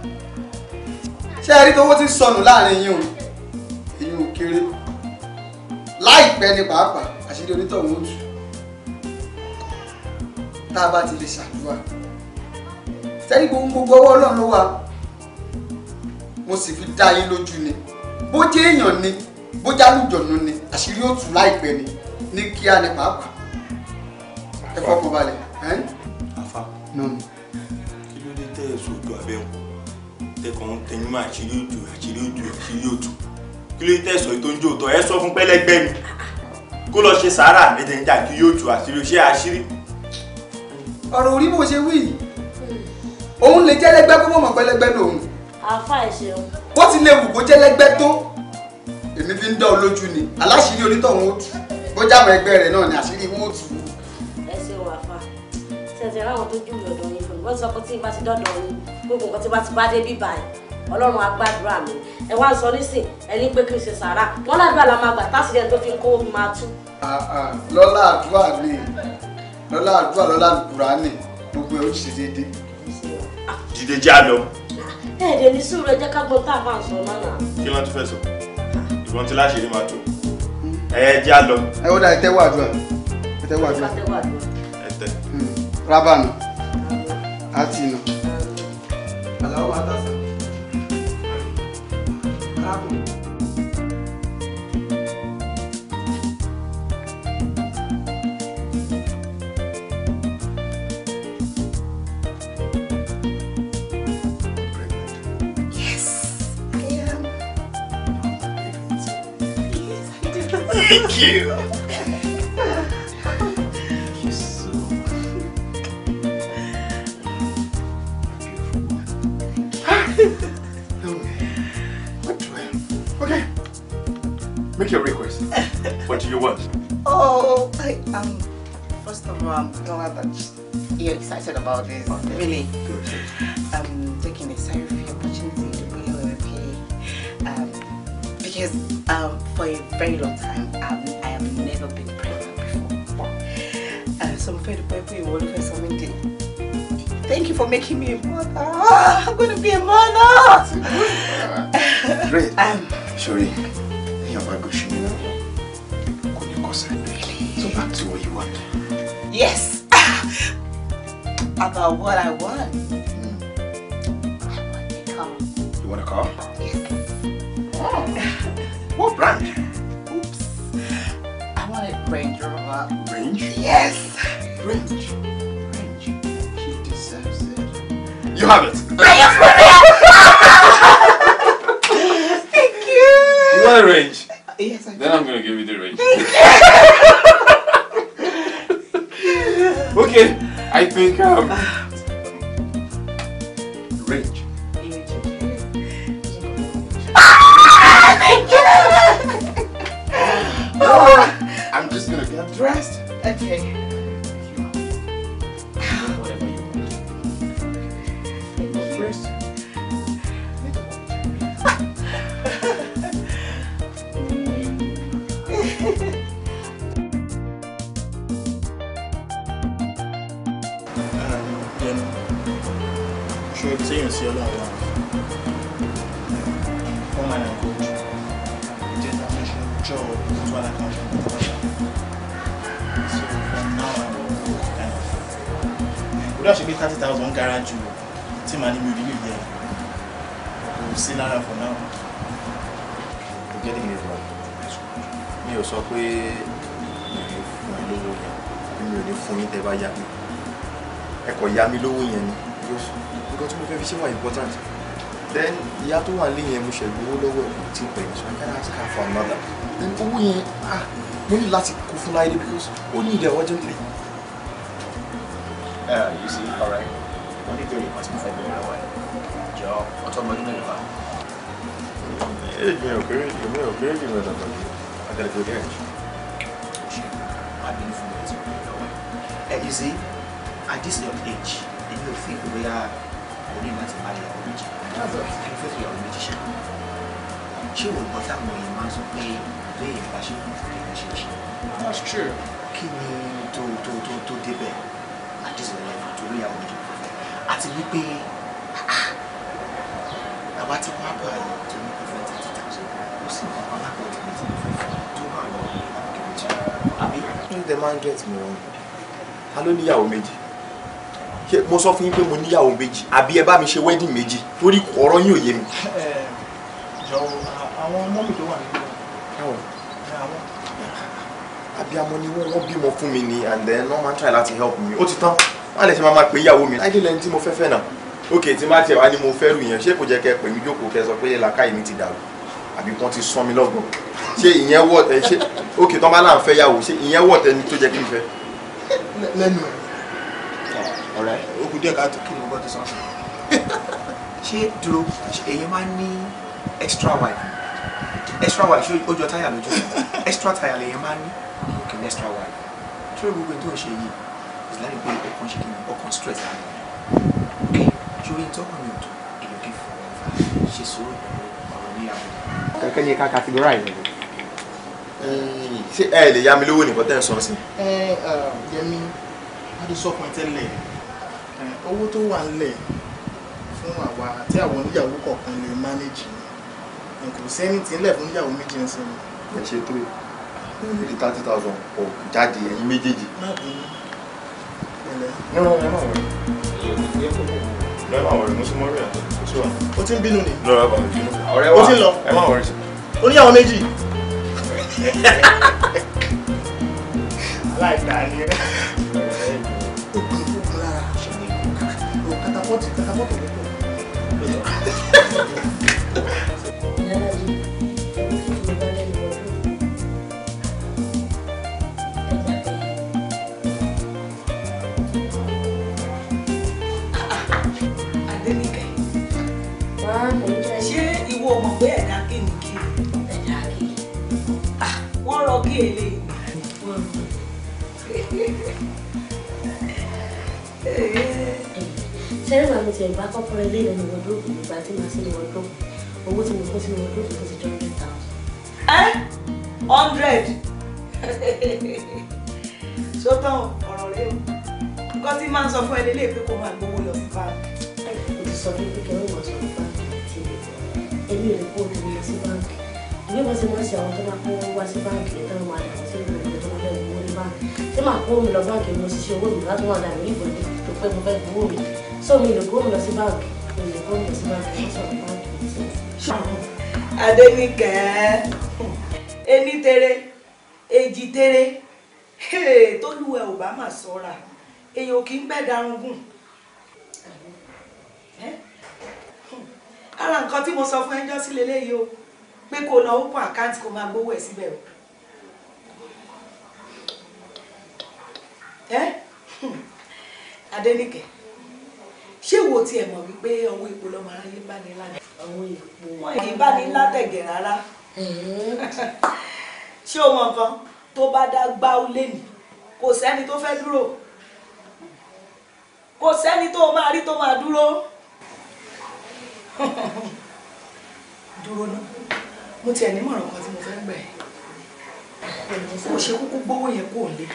ṣé ẹ rí tówó ti sọnù láàrin yín o èyí ò kéré láìpẹ́ ni pàápàá àṣírí onítọ̀hún ó tú tá a bá ti lè ṣàdúrà sẹ́yìn gbogbo ọwọ́ ọlọ́run ló wà mo sì fi dá yín lójú ni bó jẹ́ èèyàn ni bójá lùjọ̀nù ni àṣírí ó tú láìpẹ́ ni ní kíá ni pàápàá ẹ fọkàn balẹ̀. àfa kí ló dé tẹ́ èso ojú abẹ́ wọn tẹkàn ń tẹnu mọ́ àṣírí òjò àṣírí òjò àṣírí òjò kí ló dé tẹ́ èso tó ń jó tọ́ ẹ sọ fún pẹ́lẹ́gbẹ́ mi kó lọ ṣe sàárà méjèèjì kí yóò tú àṣírí ṣé àṣírí. ọ̀rọ̀ orí bó ṣe wí yìí hmm. òun lè jẹ́lẹ́gbẹ́ kó mọ̀ pẹ́lẹ́gbẹ́ lòun. àfa ìṣeun. bó ti lè wù kó jẹ́lẹ́gbẹ́ tó èmi fi ń dán o lójú ni aláṣírí onítọ̀hún ó tú bójá àwọn ẹgbẹ́ rẹ̀ náà ni àṣírí wọn ó ẹ ṣe wà fà ṣẹ̀ṣẹ̀ ráwọn tó júwèé ọ̀dọ̀ yín fún mi wọ́n sọ pé tí n bá ti dọ́dọ̀ yín gbogbo nǹkan tí n bá ti bá dé bíbá yìí ọlọ́run á gbàdúrà mi ẹ wá sọ nísìn ẹni pé kí n ṣe sàrà wọn ládùúrà la máa gbà tásìlẹ̀ tó fi ń kówó mi máa tú. lọ́lá àdúrà ni lọ́lá àdúrà lọ́lá àdúrà ni gbogbo ẹ̀ ó ṣe déédéé. dìde já lọ. ẹ̀ẹ́dẹ̀ ní sùúrù ẹ jẹ́ ká gbọ́ tá a máa sọ náà. kí ló ń tún fẹ́ sọ ṣùgbọ́n tí láṣìírí máa tó ẹ jẹ́ àlọ. ẹ ó dá ẹ tẹ́wọ́ àdúrà ẹ tẹ́wọ́ àdúrà ẹ tẹ́. Hmm. rábànù àti ìnà. aláwọ̀ àtàṣà. rábànù. Thank you. Okay. Make your request. What do you want? Oh, I um. First of all, I'm glad that you're excited about this. Really. Good. I'm um, taking a selfie. because um, for a very long time I've, um, I have never been pregnant before. Uh, so I'm afraid the people will for something. Thank you for making me a mother. Oh, I'm going to be a mother. uh, great. Um, Sorry. you Bible should be now. Could you So back to what you want. Yes. About what I want. Mm. I want a car. You want a car? Yes. Oh. what brand? Oops. I want a Range Rover. Range? Yes! Range. Range. He deserves it. You have it! Thank you! You want a Range? Yes, I do. Then I'm gonna give you the Range. Thank you! okay, I think um... rest? Okay. dára jù tí màá ní mi ò nílò yẹ kò sí lára for now. mo jẹ́ nìyẹn wà mi ò sọ pé mi ò ní fún yín lówó yẹn àbí mi ò ní fún yín tẹ́ bá yá mi ẹ kò yá mi lówó yẹn ni nǹkan tí mo fẹ́ fi ṣe wà important then ìyá tó wà lẹ́yìn mo ṣe gbowó lọ́wọ́ ẹ̀ tí ń pè mí so I can ask her for another then owó yẹn ah mo ní láti kó fún láyé because ó ní ìdẹ̀ urgently. Uh, you see, all right mo ní ìbéèrè kan tí mo fẹ́ béèrè lọ́wọ́ ẹ̀ jọ ọtọ́ ọmọ ọdún fa. èmi ò kéré jù mi ò kéré jù mi ọ̀dọ̀ mi àgàlejò díẹ̀ jù. wà á bí fún mi tí mo béèrè lọ́wọ́ you see at this young age èmi ò fi ìgbéyà orí láti má lè ọ̀rọ̀ méjì ẹni fẹ́ fi ọ̀rọ̀ méjì ṣe ṣé wò gbọ́ táwọn èèyàn máa ń sọ pé bẹ́ẹ̀ ìgbà ṣe kò fi lè ṣe ṣe. that's true. kí ni tó tó tó tó débẹ̀ àdìsí ọ̀rẹ́ ìfọ̀tò orí àwọn méjì àti wípé ah, ah, àwa tí wọ́n á bá yìí tó ní pé fẹ́ẹ́ tètè tàbí ó sì ní àwọn alákòóso ní tí mo fẹ́ fún tó bá lọ àbíkẹ́rẹ́ jù àbí. ní the mandate mi wọn ta ló níyàwó méjì mo sọ fún yín pé mo níyàwó méjì àbí ẹ bá mi ṣe wedding méjì torí ọ̀rọ̀ yín ò yé mi. Eh, jọ àwọn ọmọ mi tó wà nínú eh, àwọn àbí amọ ni wọn bímọ fún mi ni and then wọn máa ń try láti help me ó ti tán má lè ṣe máa pè ìyàwó mi láìdí lẹni tí mo fẹ́ fẹ́ náà ok tí má tiẹ̀ wá ní mo fẹ́ rù yẹn ṣé kò jẹ́ kẹ́ pè mí jókòó kẹ́ sọ pé làákàyè mi ti dàrú àbí kàn ti sán mi lọ́gbọ̀n ṣé ìyẹn wọ̀ ẹ ṣe ok tán bá láǹfẹ́ yàwó ṣé ìyẹn wọ̀ tẹni tó jẹ́ kí n fẹ́. lẹ́nu ẹ̀ ọ̀rẹ́ ó díẹ̀ káàtó kí ni mo bọ́ ti sọ ṣé dúró èyí máa ń ní extra wife extra wife ṣé ó jọ táyà lójú extra táyà lèyàn máa ń ní kì ní extra wife tí ó gbogbo ètò ìṣe yìí because láì gbé ọkàn ṣe kìnnìún ọkàn stress ara rẹ ok ṣòro ìtọ́kàn mi ò tó èlò kí fọwọ́ fà ṣe sòrò pẹ̀lú ọ̀rọ̀ níyàwó. kankan yẹ ká categorize rẹ. ṣé ẹ lè yá mi lówó nìkan tẹ́ ẹ sọ sí. ẹ ẹ Yẹmi adesọkùn tẹ́lẹ̀ owó tó wà ńlẹ̀ fún àwa àti àwọn oníyàwó kọ̀ọ̀kan lè manage and kò sẹ́ni tí ń lẹ̀ fún oníyàwó méjì ń sinmi. ẹ ṣe tó yìí thirty thousand kò jáde ẹ̀yin méjèèjì o ti ń bínú ni o ti ń lọ oníyàwó méjì aláìdáni ogun ogun lára katapọ́tì katapọ́tì lọ́pọ̀. mọ̀ pé ẹ̀dá kí ni kí ẹ̀dá kí ah, wọ́n rọ kí èlé sẹ́rẹ́ màmí tẹ̀ bá kọ́kọ́ ilé ìlẹ̀ ní wọ́dúrópù tí màá sí ní wọ́dúrópù owó tí mo fún sí ní wọ́dúrópù tó ti jọ hundred thousand. ẹ hundred sótọ́ ọ̀rọ̀ rẹ o nǹkan tí máa ń sọ fún ẹ lélẹ́ẹ̀ẹ́ pé kó máa gbowó lọ sí báńkì. ẹ ti sọ fún pé kẹrin ìwọ̀n sọ fún báńkì tí ìlú èmi rẹ̀ kó omi lọ sí báńkì bí wọ́n ṣe máa ń ṣe àwọn tó máa kó wá sí báńkì ní táwọn máa dàgbà sí ìlú ìgbẹ́ tó máa bẹ̀rẹ̀ owó ní báńkì ṣé máa kó omi lọ báńkì mo ṣiṣẹ́ owó mi láti máa dàgbà ìbò tó pẹ́ mo fẹ́ gbowó mi sọ mi lè kó omi lọ sí báńkì mi lè kó omi lọ sí báńkì mo sọ mi báńkì. Adéníkẹ́ ẹni tẹrẹ èjì tẹrẹ tó lù ẹ ò bá mà sọ́ra èèyàn kì í gbẹ́ darungun lára nǹkan tí mo sọ fún ẹjọ́ sí leléyìí o pé kó lọ open account kó máa gbowó ẹ̀ síbẹ̀ o. ẹ hmm. Adénìkẹ́ ṣé wo tiẹ̀ mọ̀ wípé ọwọ́ epo lọ́mọ aráyé bá ní ládẹ̀. àwọn èèpo wọn kì bá ní ládẹ̀gẹ̀ rárá. ṣé o mọ nǹkan tó bá dá gbáú lénìí kò sẹ́ni tó fẹ́ dúró kò sẹ́ni tó máa rí tó máa dúró dúró náà mo tiẹ̀ nímọ̀ràn kan tí mo fẹ́ gbà ẹ́ mo ṣe kúkú gbówó yẹn kò lé.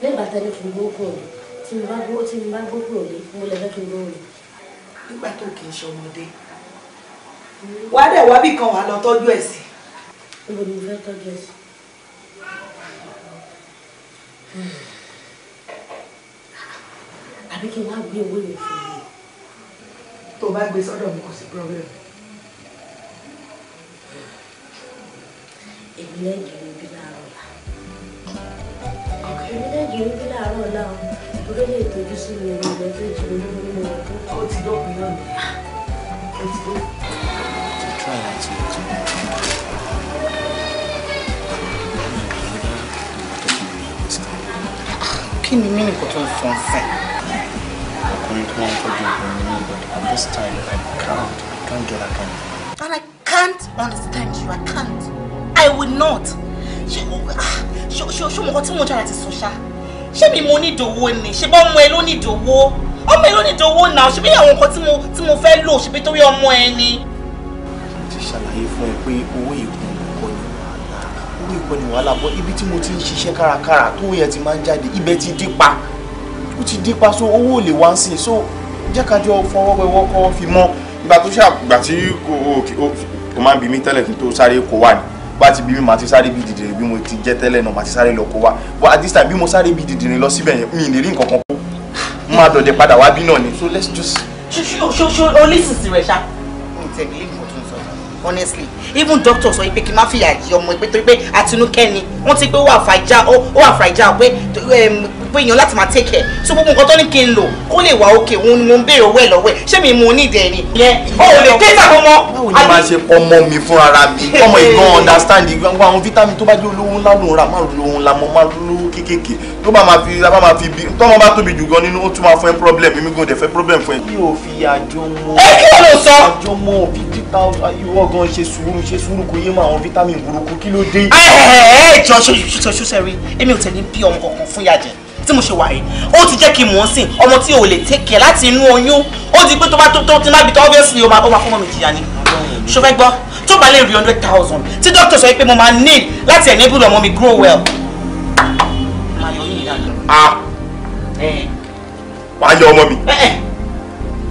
nígbà tẹ́lẹ̀ kì í gbówó kò lé tí mo bá gbówó tí mo bá gbówó kò lé mo lè fẹ́ kí n gbówó lé. nígbà tó kì í ṣe ọmọdé wà á dẹ̀ wá bí kan wà á lọ tọ́jú ẹ̀ sí. níbo ni mo fẹ́ tọ́jú ẹ̀ sí. Hmm. àbí kí n wá gbé owó yẹn fún mi tó bá gbé sọ́dọ̀ mi kò sí problem. èmi lẹ́yìn ìlú bí láàárọ̀ ọ̀la. èmi lẹ́yìn ìlú bí láàárọ̀ ọ̀la o ìdúró lè tọ́jú sí mi ẹ̀rọ ìlẹ̀ tó jù mí lórí mi ọ̀dọ́. ó ti dọ́kun náà ni ah. ó ti dọ́kun. Ah. kí ni mímì kò tó ń fẹ́ ọkùnrin tó máa ń tọ́jú obìnrin ní at this time I can't I can't get that kind of and I can't understand you I can't I will not ṣe ṣe ṣe mọ̀kọ́ tí mo jára ti sọ ṣá ṣé mi mo ní ìdòwò ni ṣe bá ọmọ ẹ ló ní ìdòwò ọmọ ẹ ló ní ìdòwò náà ṣe bí àwọn nǹkan tí mo tí mo fẹ́ lò ṣe bí torí ọmọ ẹ ni. ibi tí mo ti ń ṣiṣẹ́ kárakára tó yẹ ti máa ń jáde ibẹ̀ ti dípa ó ti dípa so owó lè wá sí i so jẹ́ ká fi mọ́. ìgbà tó ṣàgbà tí kò máa bí mi tẹ́lẹ̀ kí tó sáré kó wà ní bá ti bí mi màá ti sáré bí dìdìrín bí mo ti jẹ́ tẹ́lẹ̀ náà màá ti sáré lọ kó wà but at this time bí mo sáré bí dìdìrín lọ síbẹ̀ yẹn mi ì lè rí nǹkan kan kó máa dọ̀dẹ̀ padà wá bí náà ni so let's just. ṣoṣo olísìsì rẹ̀ ṣá. mi tẹ̀ bí mo tún sọ honestly even doctor sọ pé kí n má fìyà jẹ ọmọ ìpè torí pé àtinúkẹ́ni wọ́n ti pé ó wà fragile pé um, pé èèyàn láti máa take so gbogbo nǹkan tó ní kí n lò kó lè wà òkè òun ni mo ń béèrè owó ẹ̀ lọ́wọ́ ẹ̀ ṣé mi mo need ẹ̀ ni. o ò lè ké sàkó mọ́. báwo ni màá ṣe ọmọ mi fún ara mi ọmọ ìgbọ́n understand gbogbo àwọn vitamin tó bá jẹ́ olówó ńlá lòun rà máa fi bá máa mọ àjọ gan ṣe sùúrù ṣe sùúrù kò yé mọ àwọn vitamin burúkú kí ló dé. ẹ ẹ ẹ jọ ṣoṣo ṣoṣo ṣe rí èmi ò tẹ̀lé bí ọmọ kankan fún yàjẹ́ tí mo ṣe wà yìí ó ti jẹ́ kí n mọ̀ ọ́n sìn ọmọ tí o lè tẹ́kẹ̀ láti inú oyún ó ti pé tó bá tó ti má bi tó obviously o máa fọmọ mi jìyà ni ṣo fẹ́ gbọ́ tó bá lè rí hundred thousand tí dókítà sọ pé mo máa need láti enable ọmọ mi grow well. wàá yọ ọmọ mi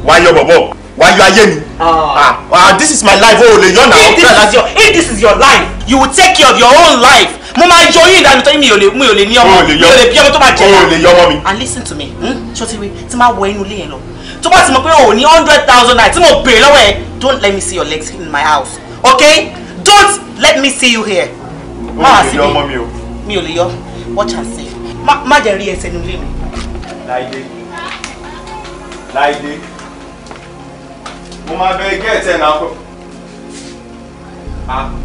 wàá yọ bọ̀bọ̀ wàá yọ ayé mi ah. Ah, ah this is my life o ò lè yọ ọ̀nà ọ̀fẹ́ your if this is your life you will take care of your own life mo máa yọ yín ìdájọ́ tẹ́yìn mi ò lè mi ò lè ní ọmọ mi ò lè bí ọmọ tó bá jẹ ọmọ mi. and listen to me hmm? ṣọtiwe tí máa wọ inú ilé yẹn lọ tó bá ti mọ̀ pé o ní hundred thousand naira tí mo béèrè lọ́wọ́ ẹ don't let me see your legs in my house okay don't let me see you here. o lè yọ ọmọ mi o. mi ò lè yọ watch and see má jẹ́ rí ẹsẹ̀ nílé mi. láìdé láìdé mo máa bẹ gẹ́ẹ̀tẹ̀ náà kọ́. Ah.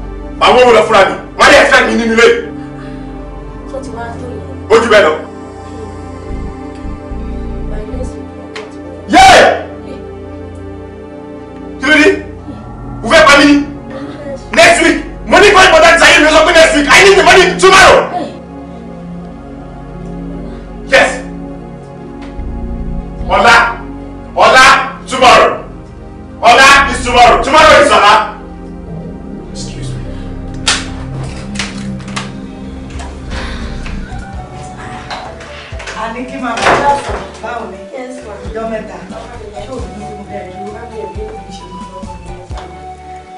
màá wọ́n lọ fúnra mi wọ́n á lè ẹ̀fẹ́ mi nínú ilé. tó ti wá tó yẹ. ó jù bẹ́ẹ̀ lọ. yé kí ló dé o fẹ́ pa mí ni next week mo ní kọ́ ìpọ́tà tí ayé mi sọ pé next week I need the money tomorrow. yes ọ̀la ọ̀la tomorrow ọ̀la is tomorrow tomorrow is ọ̀la. Yes, ní kí máa bá a sọ̀rọ̀ báwo ni ìjọ mẹ́ta ṣó ní kí mo bẹ̀rẹ̀ dúró bá bẹ̀rẹ̀ bí mo ṣe mú lọ́wọ́ mi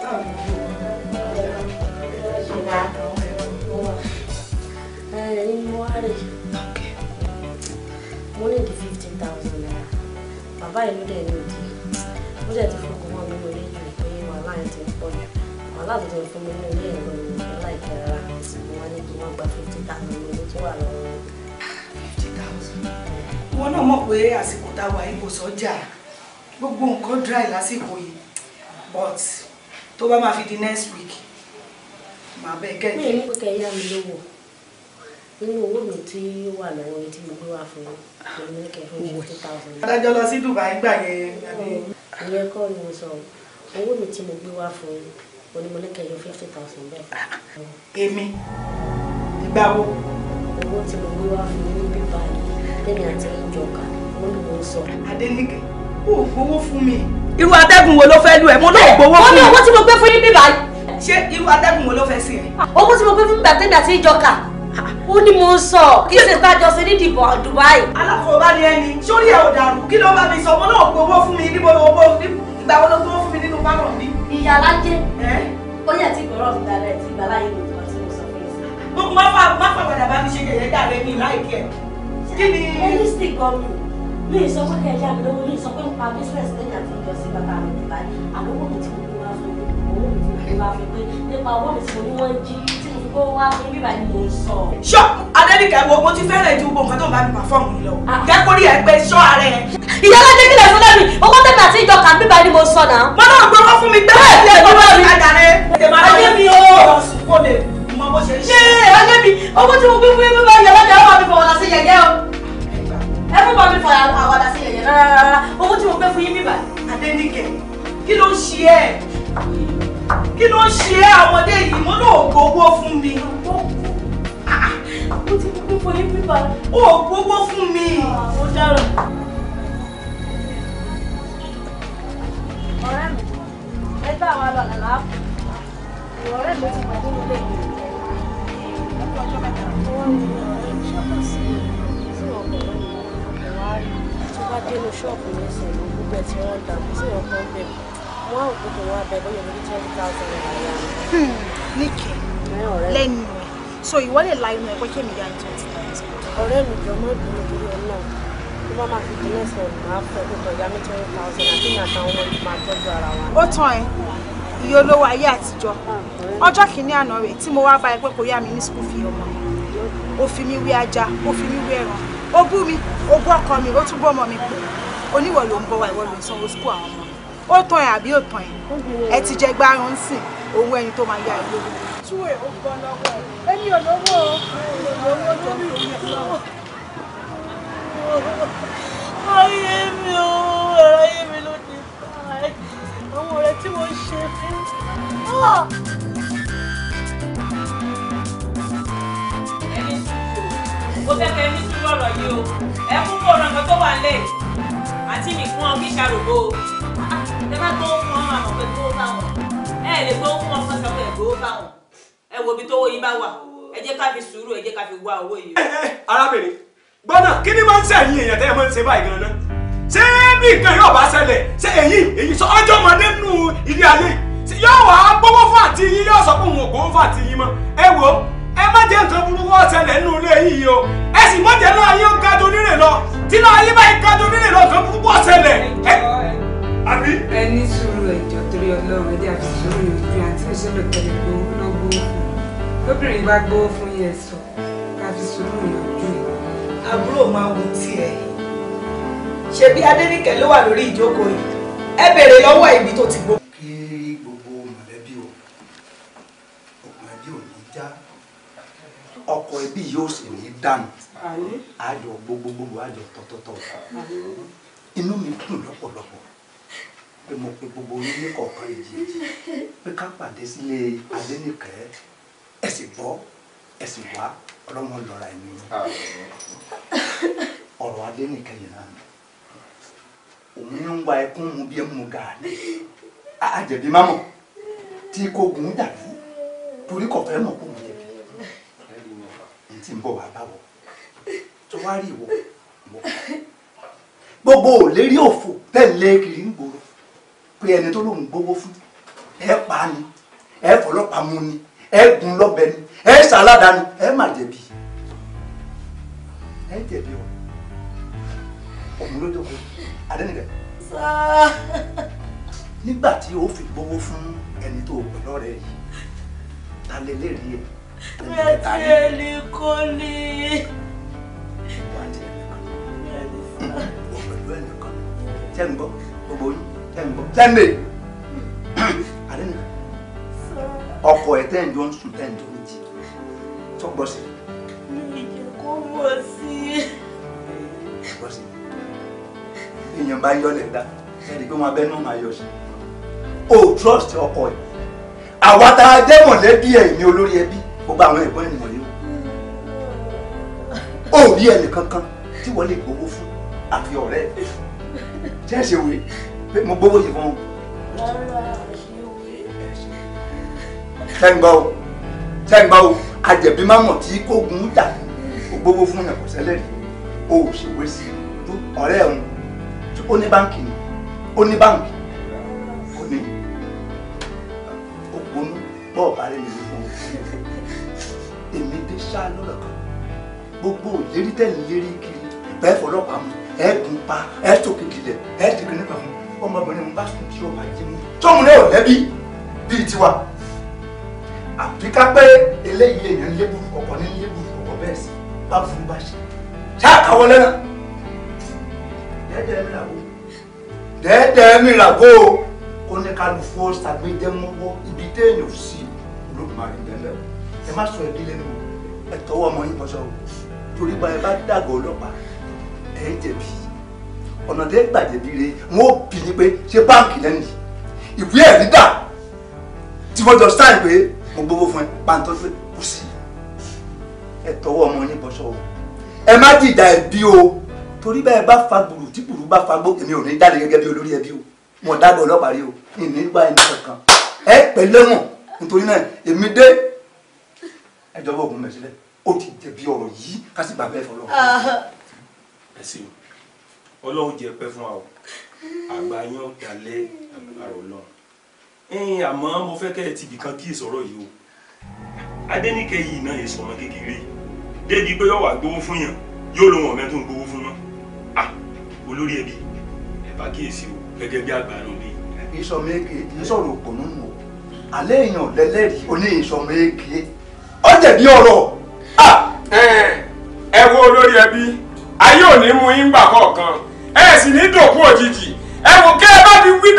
báwo ni kí mo bẹ̀rẹ̀ ní mo wá rè mo ní di fifteen thousand naira bàbá ìlú dẹ̀ ní ìdí mo dẹ̀ I'm fọkàn mọ́ mi mo lè to pé wàhálà yẹn ti pọ̀ jù wàhálà tó ti fún mi ní ilé ẹ̀kọ́ ìlú aláìkẹ́ rárá mo wá ní kí wọ́n gba to thousand naira tó wà lọ́wọ́ ìwọ náà mọ̀ pé àsìkò tá a wà yìí gbogbo nǹkan dry lásìkò yìí but tó bá máa fi di next week màá bẹ kẹ́kẹ́. mi ò ní kó kẹ́ yá mi lówó nínú owó mi tí ó wà lọ́wọ́ tí mo gbé wá fún mi ní kẹfún ní two thousand. adájọ́ lọ sí Dubai gbà yẹn. ìyẹn kọ́ ni mo sọ owó mi tí mo gbé wá fún onímọ̀lẹ́kẹ̀ yọ fifty thousand bẹ́ẹ̀. èmi ìgbà wo. owó tí mo gbé wá fún mi ní bíbá yìí tẹ́mi àti yín jọ kà mo ní mo sọ. Adélékè kò gbowó fún mi. irú atẹ́gùn wo ló fẹ́ lù ẹ́ mo náà gbowó fún mi. wọ́n ní owó tí mo gbé fún yín bíbá. ṣé irú atẹ́gùn wo ló fẹ́ sí mi. owó tí mo gbé fún bíbá àti yín jọ kà ní mo sọ kí ṣe tájọ sí ní Dubai. alákọ̀ọ́bá ni ẹni sórí ẹ̀ ò dàrú kí ló bá mi sọ mo náà gbowó fún mi níbo ló gbowó fún mi nínú pálọ̀ mi. ìyá láyé mi kí ni. ẹni sì gan mi mi sọ pé kẹjá mi lówó mi sọ pé nípa business lẹ́yìn àti ìjọsìn bàbá mi bàbá àlówó mi ti mú mi wá fún mi owó mi ti mú mi wá fún mi nípa owó mi ti mú wọn jí tí mo kó wá fún mi báyìí mo ń sọ. ṣọ adẹ́nìkà wo mo ti fẹ́rẹ̀ ju gbogbo tó ń bá mi pàfọ́ọ̀mù mi lọ kẹ́kọ̀ọ́rí ẹ pé ààrẹ. ìyá ọlọ́dẹ kílẹ̀ fún lẹ́mi owó tẹ̀mí àti ìjọ kà mí báyìí mo sọ náà. mọ́nà gbọ́dọ̀ fún mi gbẹ́rẹ́ bó ṣe ń ṣe. ṣé ọjọ́ mi owó tí mo gbé fún yín bá yẹ lọ́jà ẹ má mi fọwọ́dà sí yẹ̀yẹ́ o ẹ má bá mi fọ àwàdà sí yẹ̀yẹ́ rárá owó tí mo gbé fún yín bíbà Adéníkẹ́ kí ló ń ṣe ẹ kí ló ń ṣe ẹ àwọ̀dé yìí mo náà gbowó fún mi. mo ti gbé fún yín bíbà. o gbowó fún mi. Ah, ó dára. ọ̀rẹ́ mi ẹgbẹ́ àwọn alọ́ àlàlà á kù ọ̀rẹ́ mi ti pàdé nínú ṣọ́ọ̀bù yẹn sọ̀rọ̀ gbogbo ẹ̀ tí wọ́n dà kó sí ọkọ̀ ń bẹ̀ wọ́n á òkú tó wá bẹ̀ bóyá orí twenty thousand naira yá. níkẹ́ lẹ́nu ẹ̀ so ìwọ lè la inú ẹ̀ pé kémi yá ní twenty thousand. ọ̀rẹ́ mi jọ mọ́ ìdùnnú ìdílé náà tó bá máa fi dín ẹ̀sẹ̀ ọ̀nà àfẹ́ tó tọ̀ yá mi twenty thousand àti ìyàtọ̀ àwọn ọmọ ìgbìmọ̀ àtọ́jú ara wa. ó tán ẹ iye olówó ayé àtijọ́ ọjọ́ kìíní àná rẹ̀ tí mo wá bá ẹ kò yá mi ní school fi ọmọ ó fi mi wé ajá ó fi mi wé ẹran ó bú mi ó bú ọkọ mi ó tún bú ọmọ mi pè oníwọ ló ń bọ̀ wá ìwọ ló ń sanwó school àwọn ọmọ ó tàn ẹ àbí ó tàn ẹ ẹ ti jẹ gbárùn ún sìn owó ẹni tó máa yá ẹ lówó. tú ó gbọ́ lọ́wọ́ ẹ èmi ò o lówó tó ń fi lọ́wọ́. ayé mi o ayé mi ló dé àwọn ọ̀rẹ́ tí mo ṣe fún ó ah! fẹ́ kẹ́ ní sùúrù ọ̀rọ̀ yìí o ẹ kún kó ọ̀rọ̀ kan tó wà lẹ̀ àti mi fún ọ kí ṣàrògbó o ẹ bá tó fún ọmọ àmọ̀ pé kó bá wọn ẹ lè tó fún ọmọ sọ pé kó bá wọn ẹ wo ibi tówó yín bá wà ẹ jẹ́ ká fi sùúrù ẹ jẹ́ ká fi wá owó yìí. arábìnrin gbọ́dọ̀ kí ni máa ń ṣe àyìn èèyàn tẹ́ ẹ ń ṣe báyìí gan-an náà ṣé bí nǹkan yóò bá ṣẹlẹ̀ ṣé èyí èyí sọ ọjọ́ ọmọdé nù ilé ayé yóò wá gbowó fún àti yín yóò sọ pé òun ò gbowó fún àti yín mọ́ ẹ wo ẹ má jẹ́ nǹkan burúkú ọ̀ṣẹlẹ̀ nínú ilé yìí o ẹ sì má jẹ́ náà yóò ga jù nílé lọ tí náà yín báyìí ga jù nílé lọ nǹkan burúkú ọ̀ṣẹlẹ̀. àbí. ẹ ní sùúrù torí Ọlọ́run ẹdí àti sùúrù ìlú àti ìṣòro tẹ́lẹ̀ gbowó náà gbowó fún lóbìnrin bá gbowó fún yẹn sọ ṣebí Adéníkẹ́ ló wà lórí ìjókòó yìí ẹ béèrè lọ́wọ́ ibi tó ti gbó. kí gbogbo mọ̀lẹ́bí o òkun ẹbí ò ní já ọkọ̀ ẹbí yóò sì ní dànù àjọ gbogbogbò àjọ tọ̀tọ̀tọ̀ inú mi dùn lọ́pọ̀lọpọ̀ pé mo pe gbogbo yín ní kọ̀ọ̀kan ìjìjì pé ká pàdé sílé Adéníkẹ́ ẹ sì gbọ́ ẹ sì wá ọlọ́mọ lọ́ra ẹ̀mí ọ̀rọ̀ Adéníkẹ́ yìí náà òun ní ń wa ẹkún mu bí ẹmu gàrí àjẹbí má mọ̀ tí kógun dàbí torí kò fẹ́ mọ̀ kó mu jẹ̀bi ní tí ń bọ̀ wá báwọ̀ tó wá rí ìwọ ìwọ gbogbo òlérí òfò tẹ̀lé kiri ń gbòòrò pé ẹni tó lóun gbowó fún ẹ pa ni ẹ fọlọ́pàá mú ni ẹ gún lọ́bẹ ni ẹ ṣàládà ni ẹ má jẹ̀bi ẹ jẹ̀bi o òun ló jókòó. Adénìkẹ́. Sá. Nígbà tí o fi gbowó fún ẹni tó o pẹ̀lú ọ̀rẹ́ yìí, ta lè lè rí ẹ? Bẹ́ẹ̀ni ẹni kò ní. Wọ́n ti ẹni kan. O pẹ̀lú ẹni kan. Ṣé ń gbọ́? Gbogbo yín. Ṣé ń gbọ́? Ṣé ń lè? Adénìkẹ́. Ọkọ ẹ̀ tẹ́ ǹjọ́ ń sùn tẹ́ ǹjọ́ ń jí. Tó gbọ́ sí. Mi ìjẹ́ kó mọ̀ sí. Gbọ́ èèyàn bá yọ lẹ̀ dá ẹni pé wọn abẹ́ náà máa yọ sí o trust ọkọ ẹ̀ àwa tá a jẹ́ mọ̀lẹ́bí ẹ̀ ní olórí ẹbí gbogbo àwọn ẹ̀gbọ́n ènìyàn ni o ò rí ẹnì kankan tí wọ́n lè gbowó fún àfi ọ̀rẹ́ ẹ̀ tí ẹ̀ ṣe wé mo gbowó yìí fún un. tẹ́ǹgbà o tẹ́ǹgbà o àjẹ̀bí má mọ̀ tí kò gún jà o gbowó fún yàn kò sẹ́lẹ̀ rí o ò ṣèwé sí ọ̀rẹ́ ẹ̀ ń ó ní báǹkì ni ó ní báǹkì ó ní ògbónú bọ́ọ̀ bá rẹ̀ mi ló fún un èmi dé ṣá lọ́rọ̀ kan gbogbo òlérí tẹ̀lé lérí kiri bẹ́ẹ̀ fọlọ́pàá mu ẹ̀ dùn pa ẹ̀ tòkè dilẹ̀ ẹ̀ dìgbìn nípa mu ọmọbìnrin mu bá sùn tí ó bá jí mu tóun náà lẹ́bi bíi tiwa àfi ká pé eléyìí èèyàn lébùrù kọ̀ọ̀kan ní lébùrù kọ̀ọ̀kan bẹ́ẹ̀ sí bá fún bá ṣe ṣáà káwọ́ lẹ́nà dẹ́ẹ̀dẹ́ mìràwó dẹ́ẹ̀dẹ́ mìràwó oníkàlùfò ṣàgbéjẹmọ́wọ́ ibi téèyàn sí olódùmarè bẹ́ẹ̀ ẹ má sọ ìdílé nù ẹ tọwọ́ ọmọ yín bọ́sọ̀ torí bá ẹ bá dàgọ̀ ọlọ́pàá ẹ jẹ̀bi ọ̀nà tẹ́ gbàjẹ̀bi rẹ wọn ò bí ni pé ṣé báǹkì lẹ́nu ìwé ẹ̀rí dà tí wọ́n jọ sáì pé mo gbowó fún ẹ pàǹtọ́ pé kò sí ẹ tọwọ́ ọmọ yín bọ́sọ̀ ẹ má dìjà ẹ̀bí o torí bá ẹ bá fa gbòòrò tí bùrú bá fagbó èmi ò ní jáde gẹ́gẹ́ bí olórí ẹbí o wọn dábọ̀ ọlọ́pàá rí o ìní gba ẹni kankan ẹ pẹ̀lú ẹ̀wọ̀n nítorí náà èmi dé ẹjọba ògùn mẹ́sílẹ̀ ó ti jẹ̀bi ọ̀rọ̀ yìí ká sì gbàgbé ẹ̀fọ́ lọ. ẹ sì o ọlọ́run jẹ pẹ́ fún wa o àgbà yan dalẹ̀ àgbàrò ọlọ́run ẹ̀yin àmọ́ mo fẹ́ kẹ́ ẹ ti bìkan kí ìsọ̀rọ̀ yìí o adẹ́nìkẹ́ yìí náà ìsọ̀rọ̀ kékeré débi pé yóò wà gbowó fún yàn yóò lóun ọ̀mẹ́ tó ń gbowó fún olórí ẹbí ẹ bá kíyèsí o gẹ́gẹ́ bí àgbà náà bí. ìsọ méèké ìsọ̀rọ̀ òpònú o alẹ́ èèyàn lẹ́lẹ́rìí oní ìsọ méèké ẹ wo olórí ẹbí ayé mú ẹ sì ní dòkú òjijì ẹ wò ẹ bá fi wí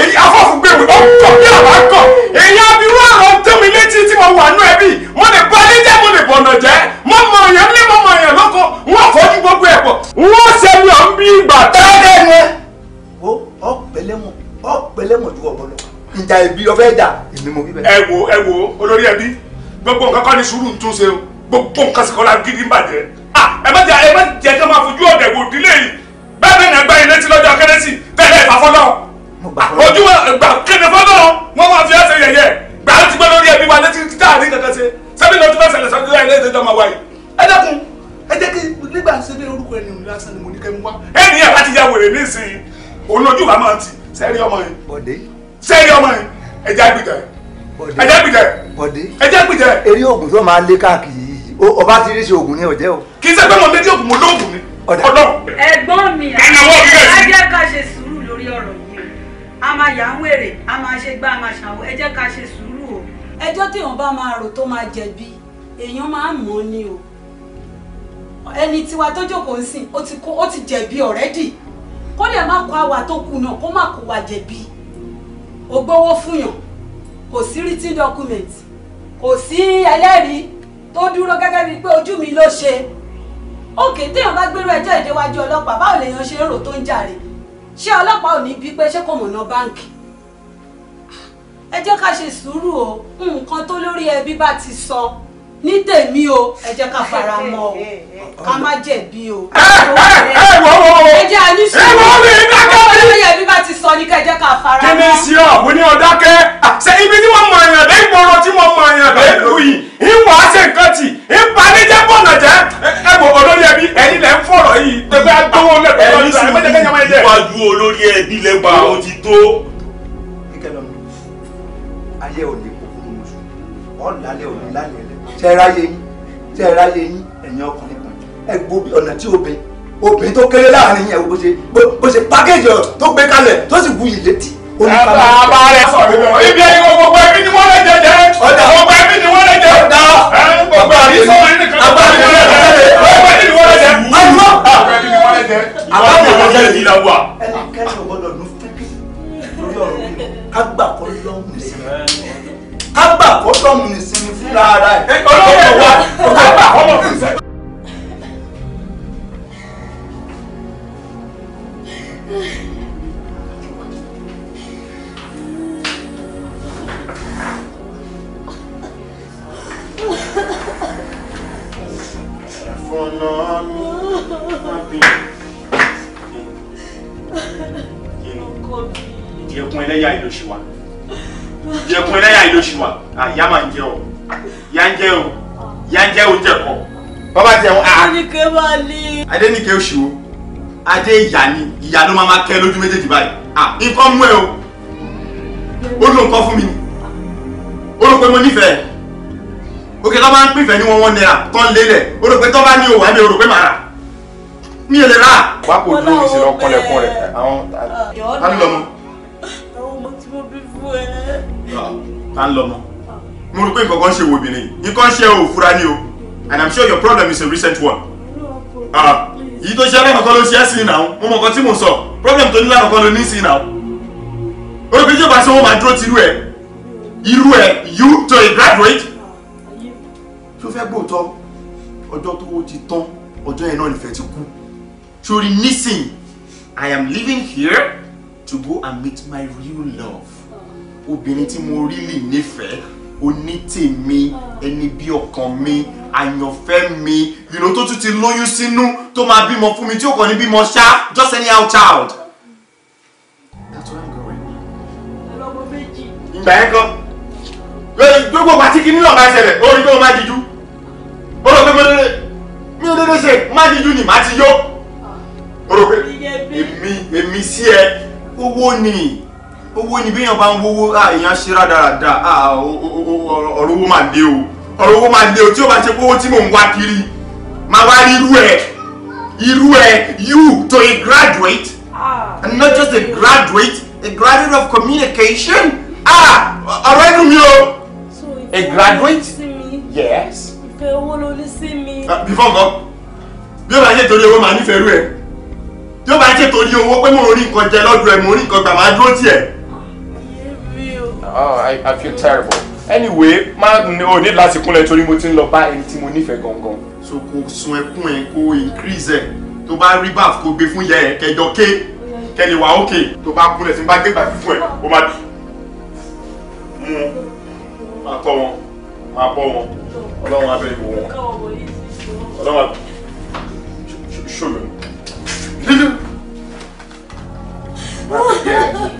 èyí afọ́fún gbèwé ó ń tọ̀ bí àbá kọ̀ èyí abirú àrọ̀ ń tẹ́ mi létí tí mo wà nú ẹbí mo lè bọ́ ilé jẹ́ mo lè bọ̀nà jẹ́ mo mọ èèyàn lé mo mọ èèyàn lóko wọn kọ́ ju gbogbo ẹ̀ pọ̀ wọn sẹ́mi ọ̀ ń bí ìgbà tẹ́lẹ̀ yẹn. o ọ̀pẹ̀lẹ́mọ̀ ọ̀pẹ̀lẹ́mọ̀ ju ọ̀bọ lọ ìjà ìbí ọ̀fẹ́ ìjà èmi mo bí bẹ́ẹ̀. ẹ wo ẹ wo olórí ẹbí gbogbo nǹkan kọ́ ni sùúrù ń tún ṣe o gbogbo nǹkan sì kọ́ la gidi ń bàjẹ́ ah ẹ má jẹ ẹ má jẹ kí wọ́n máa fojú ọ̀dẹ̀ wò dílé yìí bẹ́ẹ̀ bẹ́ẹ̀ náà gbá ilé tí lọ́jọ́ kérésì tẹ́lẹ̀ ìfàfọ́lọ́ Ah, ojú gbà kéde fọ́nà wọn máa fi ẹsẹ̀ yẹ̀yẹ̀ gbà á ti gbé lórí ẹbí wa létí títà ní kankan ṣe sẹ́bí ló ti fẹ́ ṣẹlẹ̀ sọ́dún ẹ̀ lẹ́yìn ìjọba wa yìí. ẹ dẹ́kun ẹ jẹ́ kí nígbà ṣe bí orúkọ ẹni òun lásán ni mo ní kẹ́ mú wá. ẹni ẹ̀ bá ti ya wèrè nísìnyí òun lójú wa máa ti sẹ́rí ọmọ yìí. bọ̀dé. sẹ́rí ọmọ yìí ẹja gbìjẹ. bọ̀dé ẹja gbìjẹ. bọ̀dé ẹja gbìjẹ. eré oògùn tó máa lé káàkiri ọba ti rí ṣe oògùn ní ọ̀jẹ́ o. kì í ṣe pé mo méjì oògùn mo lóògùn ni. ọ̀dà ọ̀dọ̀. ẹ̀gbọ́n máa yà ń wèrè a máa ṣe gbá a máa ṣàwọ ẹ jẹ́ ká ṣe sùúrù o. ẹjọ́ téèyàn bá máa rò tó máa jẹ̀bi èèyàn máa mọ̀ ni o ẹni tiwa tó jókòó ń sìn ó ti jẹ̀bi ọ̀rẹ́dì kó lè má kó àwa tó kùnà kó má kó wa jẹ̀bi ò gbowó fún yàn kò sí written document kò sí ẹlẹ́rìí tó dúró gẹ́gẹ́ bíi pé ojú mi ló ṣe òkè téèyàn bá gbérú ẹjọ́ ìdéwájú ọlọ́pàá báwo lèèyàn ṣé ọlọ́pàá ò ní bí pé ṣé kò mọ̀nà báǹkì ẹ jẹ́ ká ṣe sùúrù o nǹkan tó lórí ẹbí bá ti sọ ní tèmi o ẹ jẹ́ ká fara mọ́ o ká má jẹ̀bi o. ẹ wọ wọ wọ ẹ jẹ́ aníṣòwò ẹ wọ mi dákẹ́ bí. olóyè mi bá ti sọ ni ká ẹ jẹ́ ká fara mọ́. kí ni sí ọ mo ní ọ dákẹ́ ṣe ibi tí wọ́n mọ èèyàn lẹ́yìn gbọ́rọ̀ tí wọ́n mọ èèyàn lẹ́yìn lù yìí ń wà á ṣe nǹkan tì ń pa ní jẹ́ bọ̀nà jẹ́ ẹ wọ olórí ẹbí ẹ̀yin lẹ́ ń fọ̀rọ̀ yìí pẹ̀lú agbówó lẹ́kọ̀ọ́ lọ́sàn-án ẹ tẹ́ ẹ ráyè yín tẹ́ ẹ ráyè yín ẹ̀yin ọkùnrin kan ẹ gbóbi ọ̀nà tí obìnrin obìnrin tó kéré láàrin yẹn bó ṣe bó ṣe pákéjì ọ̀rọ̀ tó gbé kalẹ̀ tó sì wuyì létí. bàbá rẹ sọ̀rọ̀ lọ ibi ẹni gbogbo ẹbí ni wọ́n lè jẹ jẹ gbogbo ẹbí ni wọ́n lè jẹ gbogbo ẹbí sọ̀rọ̀ ẹni kan gbogbo ẹbí ni wọ́n lè jẹ gbogbo ẹbí ni wọ́n lè jẹ gbogbo ẹbí ni wọ́n lè jẹ. àwọn ọmọ ọjọ́ yìí la wà. ẹnì kẹ́sì ọgbọ́dọ̀ nù fẹ́kì lórí ọ̀rọ̀ mi ká gbà kọ́ lọ́mù lára ẹ̀. olóyè wa ọgbà ọmọ fún ìṣẹ́. ìdí ẹkùn ẹlẹ́yà ìlú ṣì wà ìdí ẹkùn ẹlẹ́yà ìlú ṣì wà àyà máa ń jẹ yà ń jẹ́ o yà ń jẹ́ o jẹ̀kọ́ bàbá jẹun a. Ah. adénike bá lé. adénike oṣù o adé ìyá ni ìyá ló máa ma kẹ́ lójú méjèèjì báyìí à ah, nǹkan mú ẹ o ó lò nǹkan fún mi ni ó rò pé mo nífẹ̀ẹ́ òkè tó bá ń pìfẹ́ ní wọn wọn náírà tán lélẹ̀ ó rò pé tó bá ní òwò àmì ó rò pé màá rà mi ò lè rà. wàá kò dúró mi sí lọ kọlẹ̀kùn rẹ̀ àwọn ah, ta ni lọ́mọ. àwọn ọmọ tí mo bí fún ẹ. ta ni lọ́mọ mo rò pé nǹkan kan ṣe wo obìnrin yìí nǹkan ṣe ò fura ni o and i'm sure your problem is a recent one. Ah, yìí tó ṣe alákọ̀ọ́kọ́ ló ṣe é sí náà mo mọ̀ nǹkan tí mo sọ problem tó ní lákọ̀ọ́kọ́ ló ní sí náà. olùkọ́ ìjọba ṣe wọ́n máa dúró ti ẹ̀ irú ẹ̀ you to a graduate. tó fẹ́ gbóòótọ́ ọjọ́ tó o ti tán ọjọ́ yẹn náà nífẹ̀ẹ́ ti kú sórí nísìn i am living here to go and meet my real love obìnrin tí mo really nífẹ̀ẹ́ onítèmi ẹni bí ọkàn mi àyànfẹ́ mi ìlò tó tún ti lóyún sínú tó máa bímọ fún mi tí ó kàn ní bímọ ṣá just anyhow child. ìgbà yẹn kan gbogbo pàtí kí nílò máa ṣẹlẹ̀ ó rí pé mo máa dijú ó rò pé mo dédé mi ò dédé ṣe má dijú ni má ti yó ó rò pé èmi èmi sí ẹ owó ni owó ni bí bá ń wówó èèyàn ṣe rádaràda ọ̀rọ̀ owó máa lé o ọ̀rọ̀ owó máa lé o tí ó bá ṣe pé tí mò ń wá kiri máa wá rí irú ẹ̀ irú ẹ̀ you to a graduate ah. and not just a graduate a graduate of communication ọ̀rọ̀ ẹnu mi o a graduate yes. ìfẹ́ owó uh, before go bí ó bá ṣe torí owó máa nífẹ̀ẹ́ rú ẹ̀ tí ó bá ṣe torí owó pé mo rí nǹkan jẹ lọ́dọ̀ ẹ̀ mo rí nǹkan gbà máa dúró tiẹ̀ oh I, I feel terrible anyway má o ní láti kúnlẹ̀ torí mo ti ń lọ bá ẹni tí mo nífẹ̀ẹ́ gangan. so kò sun ẹkún ẹ kó increase ẹ tó bá rí baff kó gbé fún yẹ ẹ kẹjọ ké kẹlẹ wà ókè tó bá kúnlẹ̀ tí n bá gbé bàtí fún ẹ ó má mú má kọ́ wọn má bọ́ wọn ọlọ́run abẹ́rẹ́ ìwò wọn ọlọ́run abẹ́rẹ́ ṣòro. Lílù.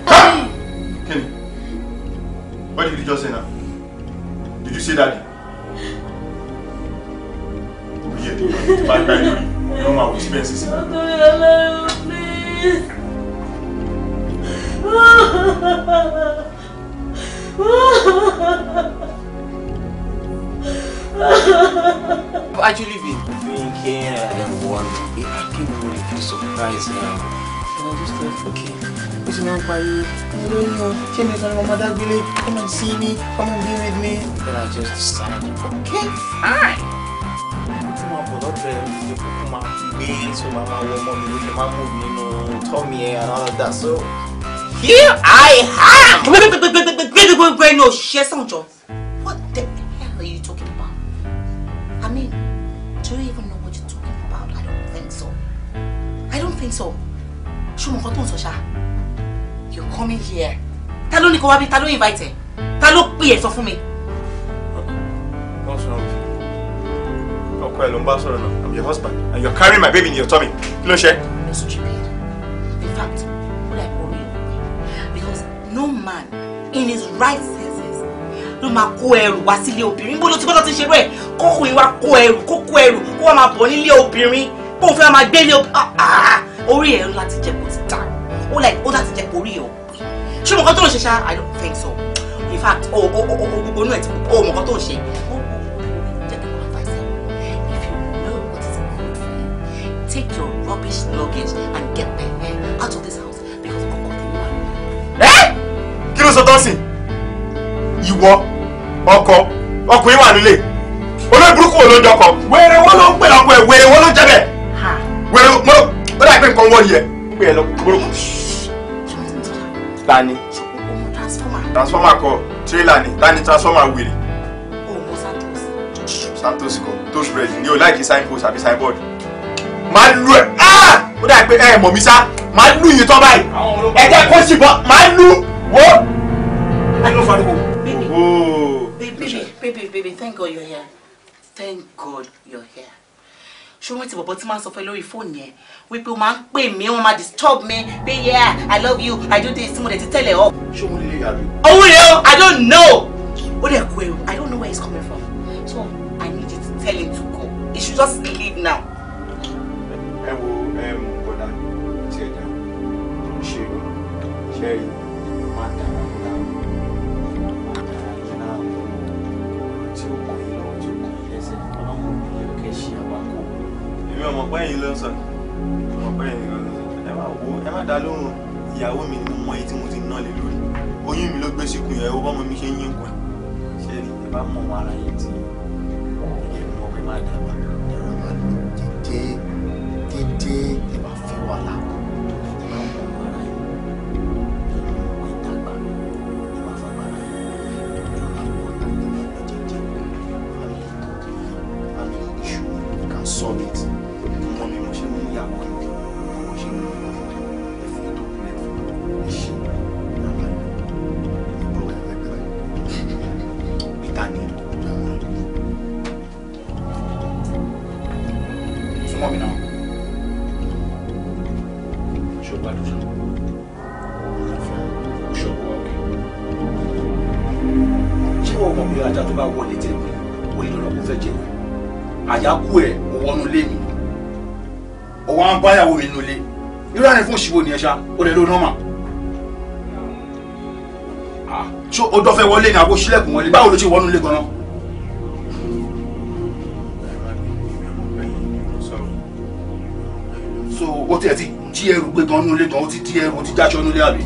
Kí ni? What did you just say now? Did you say daddy? Obi yẹ ti ba gba ẹ lórí, ẹ wọ́n máa wò síbẹ̀ sísè. Ọkùnrin ọlọ́run please. Actually, we've been drinking and one. I can't really be surprised now. And I just thought, okay sì máa ń pariwo olóyún o ṣé mi sọ ni ọmọ dágbélé come and see me come and be with me. then I just decided okay fine. tí mo bọ̀ lọ́dọ̀ ẹ̀ ṣe kókó máa fi gbé so máa máa wọ ọmọ and all of that so here I am. gbẹgbẹgbẹgbẹgbẹgbẹgbẹgbẹ ní òṣìṣẹ́ sànjọ what the hell are you talking about? I mean do you even know what you're talking about? I don't think so. I don't think so. ṣùgbọ́n nǹkan tó ń sọ You're coming here Talo ni ní kó wá bí ta ló invite ẹ ta ló pè ẹ sọ what's wrong with you ọkọ ẹ ló ń i'm your husband and you're carrying my baby in your tummy kí ló ṣe. you're stupid in fact ó I ìkórè ẹ because no man in his right senses ló máa kó ẹrù wá sílé obìnrin bó ló ti gbọ́dọ̀ ti ṣerú ẹ̀ kókùnrin wa kó ẹrù kó kó ẹrù kó wá máa bọ̀ nílé obìnrin kó o fẹ́ ah ah. ní ah. orí ẹ̀ láti jẹ́ kó ti dáa ó like ó láti jẹ́ orí ẹ̀ ṣé mo tó ń ṣe ṣá i don't think so in fact o o o gbogbo náà ti o mo kàn tó ń ṣe. Take your rubbish luggage and get the hell out of this house because kò kọ́ tẹ̀lé wa. Kí ló sọ tọ́sìn? Ìwọ ọkọ ọkùnrin wà nílé olóòbúrúkú wo ló ń jọkọ wèrè wọn ló ń pè lọkọ ẹ wèrè wọn ló ń jẹbẹ wèrè wọn ó dà pé nǹkan wọ yẹ pé ẹ lọ burúkú tani. transformer. transformer kọ tírélà ni tani transformer wèrè. o mọ santos. santos kọ toast bread ni o láìkí signpost àbí signboard. máa lu ẹ ó dà pé ẹ mọ̀ mi sá máa lu yìí tán báyìí ẹ jẹ́ kó sì bọ́ máa lu wo. Baby, baby, baby, baby, thank God you're here. Thank God you're here ṣùgbọ́n tí bọ̀bọ̀ tí máa ń sọ fẹ́ lórí fóònù yẹn wípé o máa ń pè mí o máa disturb me pé yeah i love you i do this mo dẹ̀ ti tẹ̀lé ọ. ṣé mo lè yàrá. owó rẹ o i don't know. ó dẹ̀ kú ẹ o i don't know where he's coming from so i need you to tell him to go he should just leave now. ẹ wo ẹ mú bọ́dà tí ẹ dá ṣe ṣe é. mi ò mọ̀ pé ẹ̀yin ló ń sọ mi ò mọ̀ pé ẹ̀yin ló ń sọ ẹ má wo ẹ má dá lóhùn ìyàwó mi ni mo mọ èyí tí mo ti ná lé lórí oyún mi ló gbé síkùn yẹn ó bọ́mọ mi ṣe ń yín kù ṣé ẹ bá mọ wọn ara yẹn tí ẹ mọ̀ pé má dá wà ẹ̀rọ má dídé dídé ẹ má fẹ́ wà láwọn. àyákú ẹ̀ mo wọnú lé mi ọwọ́ à ń báyàwó mi nulẹ̀ irú àná fún òṣìwò nìyẹn ṣá ó lè ló nọ́mà ṣé o dọ́fẹ́ wọlé ní àbó sílẹ̀kùn wọlé báwo ló ṣe wọnú lé gan-an. so o tiẹ̀ ti jí ẹrù gbé gan nínú ilé ó ti dí ẹrù ti dáṣọ nílé àbí.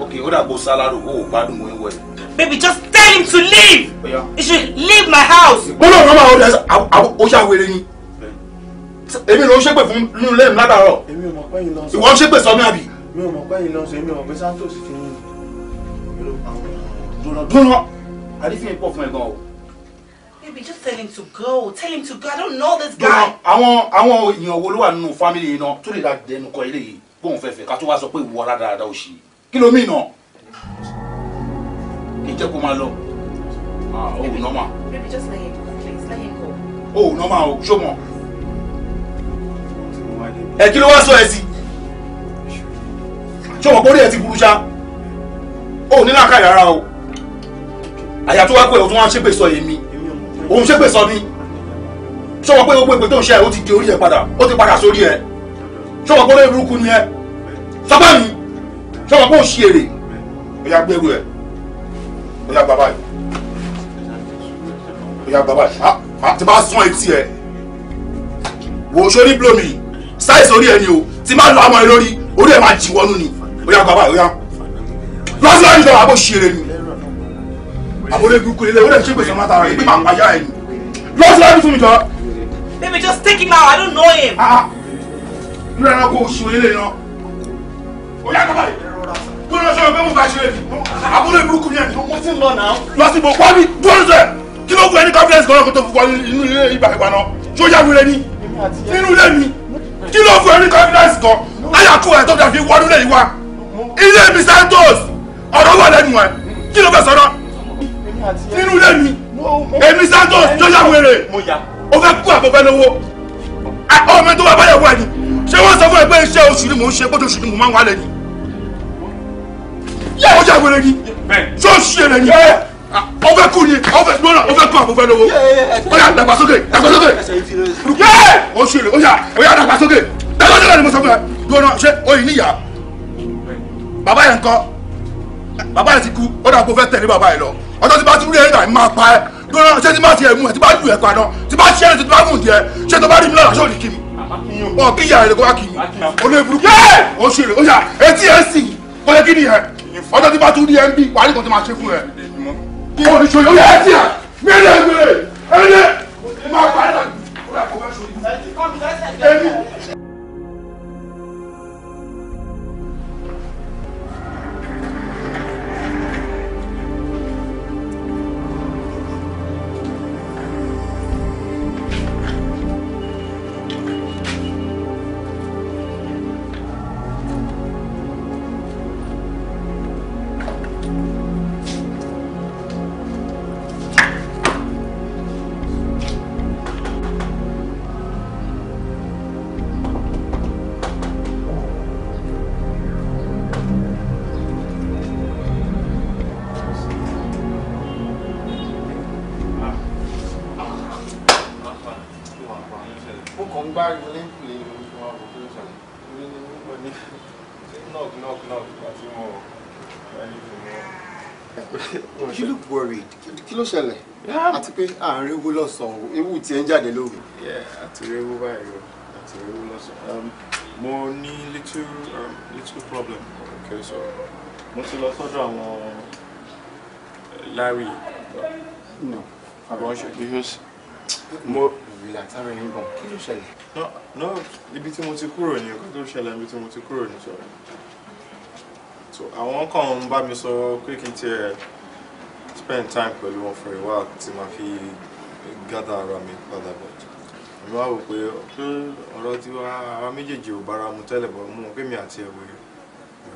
ok ó dàgbò sálárò ó gbádùn mọ́ ẹwẹ́. baby just tell him to leave he should leave my house. mo lọ mọ́mọ́ àwọn ọ̀dọ́ ó ṣàwérè ni èmi ló ń ṣépè fún nínú ilé ládàárọ̀ ìwọ ń ṣépè sọmi àbí. mi ò mọ̀ pé yìí lọ sọ èmi ò mọ̀ pé santos fi yín. dùnà dùnà àdífín pọ̀ fún ẹ̀gbọ́n o. Baby, just tell him to go. Tell him to go. I don't know this guy. Àwọn àwọn èèyàn wo ló wà nínú fámìlì yìí náà tó lè dáa dẹnu kọ eléyìí bóun fẹ́ fẹ́ ká tó wá sọ pé ìwọ rádaràda ò ṣí. Kí ló mìíràn? Kí jẹ́ kó máa lọ. Òun nọ́mà. Baby, just let him go, please. Let him go. Oh, normal. o, oh, ṣó mọ̀. Ẹ kí ló wá sọ ẹ sí? Ṣé wọ́n borí ẹ ti burú ṣá? Ó oh, ní láàkàyà ara o. Àyà tó wá pé òun tó wá ṣépè sọ èmi òun ṣe pè sọ ni ṣọwọ́ pé gbogbo ìpè tó ń ṣe ẹ̀ ó ti di orí ẹ̀ padà ó ti padà sórí ẹ̀ ṣọwọ́ pé olóyè burúkú ni ẹ sọ́pá mi ṣọwọ́ pé ó ṣe èrè ó yá gbẹ́rù ẹ̀ ó yá bàbá yìí ó yá bàbá yìí a ti bá sún etí ẹ wò ó sórí blomi sáìsì orí ẹ ni o ti máa lọ àmọ́ ẹ lórí orí ẹ máa jì wọnú ni ó yá bàbá yìí ó yá lọ́sọ̀rọ̀ ìjọba àbò ṣe èrè ni àbúrò egun kulẹ̀ ó lè ṣe gbèsè máa ta ara rẹ̀ pípa àpáyà ẹ̀ ni lọ́sí láti fún mi jọ. baby just take him out i don't know him. lórí ah, ah. ẹran kó o ṣe olè lè yan ó yà kábàlì tó lọ sọ pé mo bá ṣe èmi àbúrò egun kulẹ̀ ẹ̀ mo ti lọ náà. lọ́sí mo wá ní dúró sẹ́ kí ló gbé ní confidence kan náà kó tó fún inú ilé ibà ìgbà náà tí ó yàgò rẹ ní nínú ilé mi kí ló fún ẹ ní confidence kan ayàkú ẹ tó dàbí wọnú lè wá ilé mi Santos ọ̀rọ̀ wà lẹ́nu ẹ kí ló fẹ́ sọ̀rọ̀ nínú ilé mi èmi Santos jọjá wèrè o fẹ́ kú àbọ̀fẹ́ lówó ọmọ tó bá báyọ̀ wà ní ṣé wọ́n sọ fún ẹ pé iṣẹ́ oṣù ni mò ń ṣe bójú oṣù ni mò máa ń wálẹ̀ ni ó jà wèrè ni ṣó ṣì èrè ni ó fẹ́ kú ni ó fẹ́ lọ́nà ó fẹ́ kú àbọ̀fẹ́ lówó ó yá dàgbàsókè dàgbàsókè ó ṣì èrè ó yá ó yá dàgbàsókè dàgbàsókè ni mo sọ fún ẹ lọ́nà ṣé oyin níyà bàbá yẹn kọ́ bàbá yẹn ti kú ó dà kó fẹ́ tẹ̀lé bàbá yẹn lọ ọjọ́ tí bá ti rí ẹ̀yìn báyìí máa pa ẹ́ lọ́nà ṣé tí bá ti ẹ̀ mú ẹ̀ tí bá lù ẹ̀ padà tí bá ṣẹ́ ẹ̀ tí bá mú díẹ̀ ṣé tó bá rí mi lọ́la ṣó ní kí mi ọ̀ kí ìyá rẹ̀ kó wá kì mí olóyè burúkú ó ṣe rè ó yà etí ẹ̀ sì kó yẹ kí ni ẹ̀ ọjọ́ tí bá tún rí ẹ̀ ń bí wàá nìkan tó máa ṣe fún ẹ̀ kí wọ́n ní ṣòyè ṣẹlẹ̀ àti pé àárín ewu lọ́sàn-án ewu tí ẹ ń jáde lóru. àti ewu báyìí o àti ewu lọ́sàn-án um, mo ní little um, little problem okay so mo ti lọ sọ́dọ̀ àwọn eh, Larry. no àbọ̀ ṣe because hmm. mo ìrìlà tára yín bọ̀ kí ló ṣẹlẹ̀. no no ibi tí mo ti kúrò ní nǹkan tó ṣẹlẹ̀ ibi tí mo ti kúrò ní sọ̀rọ̀ so àwọn kan ń bá mi sọ pé kí n tiẹ̀ spend time pẹ̀lú wọn for a while tí màá fi gather ara mi padà bọ̀ mo wá wò pé ọ̀rọ̀ tí àwa méjèèjì ò bára mu tẹ́lẹ̀ bọ̀ mo mọ̀ pé mi àti ẹ̀wẹ̀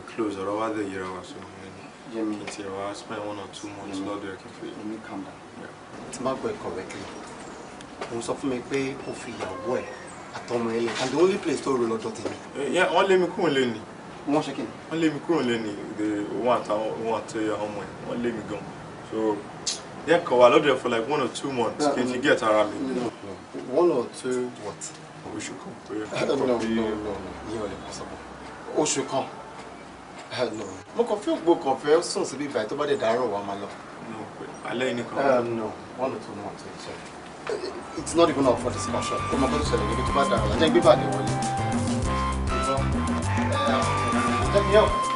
close ọ̀rọ̀ wá dẹ̀ yẹra wa so kí n tiẹ̀ wá spend one or two months lọ́dọ̀ ẹ̀ kí n fi. èmi calm down tí n bá gbọ́ ẹ̀kọ́ rẹ̀ kiri òun sọ fún mi pé o fi ìyàwó ẹ̀ àtọmọ ẹ̀ lẹ̀ and the only place tó rò lọ́dọ̀ tèmi. Eh, wọ́n lé mi kúrò lé ni. wọ́n ṣe kí ni. wọ́n lé mi kúrò lé ni òun àtàwọn ohun àtẹ̀yà ọmọ ẹ̀ wọ́n lé mi gan-an so yẹn kàn wà lọ́dọ̀ for like one or two months kí n fi get ara no. one or two what. Oh, we should oṣù kan péré kò No, no, no, ò lè possible oṣù kan mo kàn fẹ́ ògbó kàn fẹ́ sùn síbi ìgbà tó bá dé dàárọ̀ No. máa lọ. alẹ́ nìkan. Um, no one or two months ẹ̀ ṣe. it's not even up for discussion. ọmọ kan tó ṣẹlẹ̀ níbi tó bá dàárọ̀ ajá gbé bàdé wọlé. Let me help.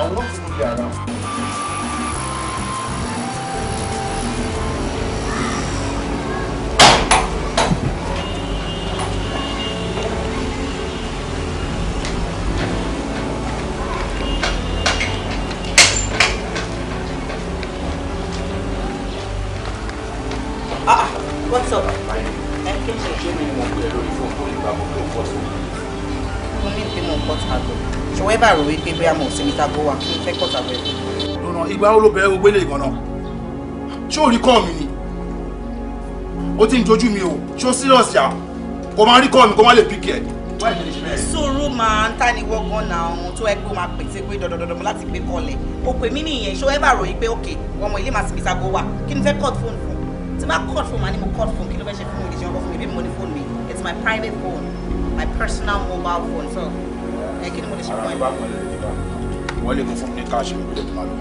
não uma não. bóyá mo sì mi ta bó wa kí n fẹ́ kọ́ tàbí ẹ̀. lọ́nà ìgbà wo ló bẹ̀rẹ̀ gbogbo eléyìí gan-an ṣé ò rí kọ́ mi ni ó ti ń dojú mi o ṣé ó serious ya kò máa rí kọ́ mi kó má lè pick ẹ̀. sùúrù máa ń tániwọ́ gan na tó ẹ pé ó máa pèsè pé dandandandan mo láti gbé kọ́lẹ̀ o pè mí nìyẹn ṣé ó bá ròyìn pé òkè ọmọ ilé màá sì mi cut phone fún tí cut phone màá ní cut phone kí ló fẹ́ phone it's my private phone my personal mobile phone so ẹ kí ni mo lè ṣe fún ẹ. wọ́n lè mú fún mi ní káàṣì mi kúlẹ̀ tó máa lọ.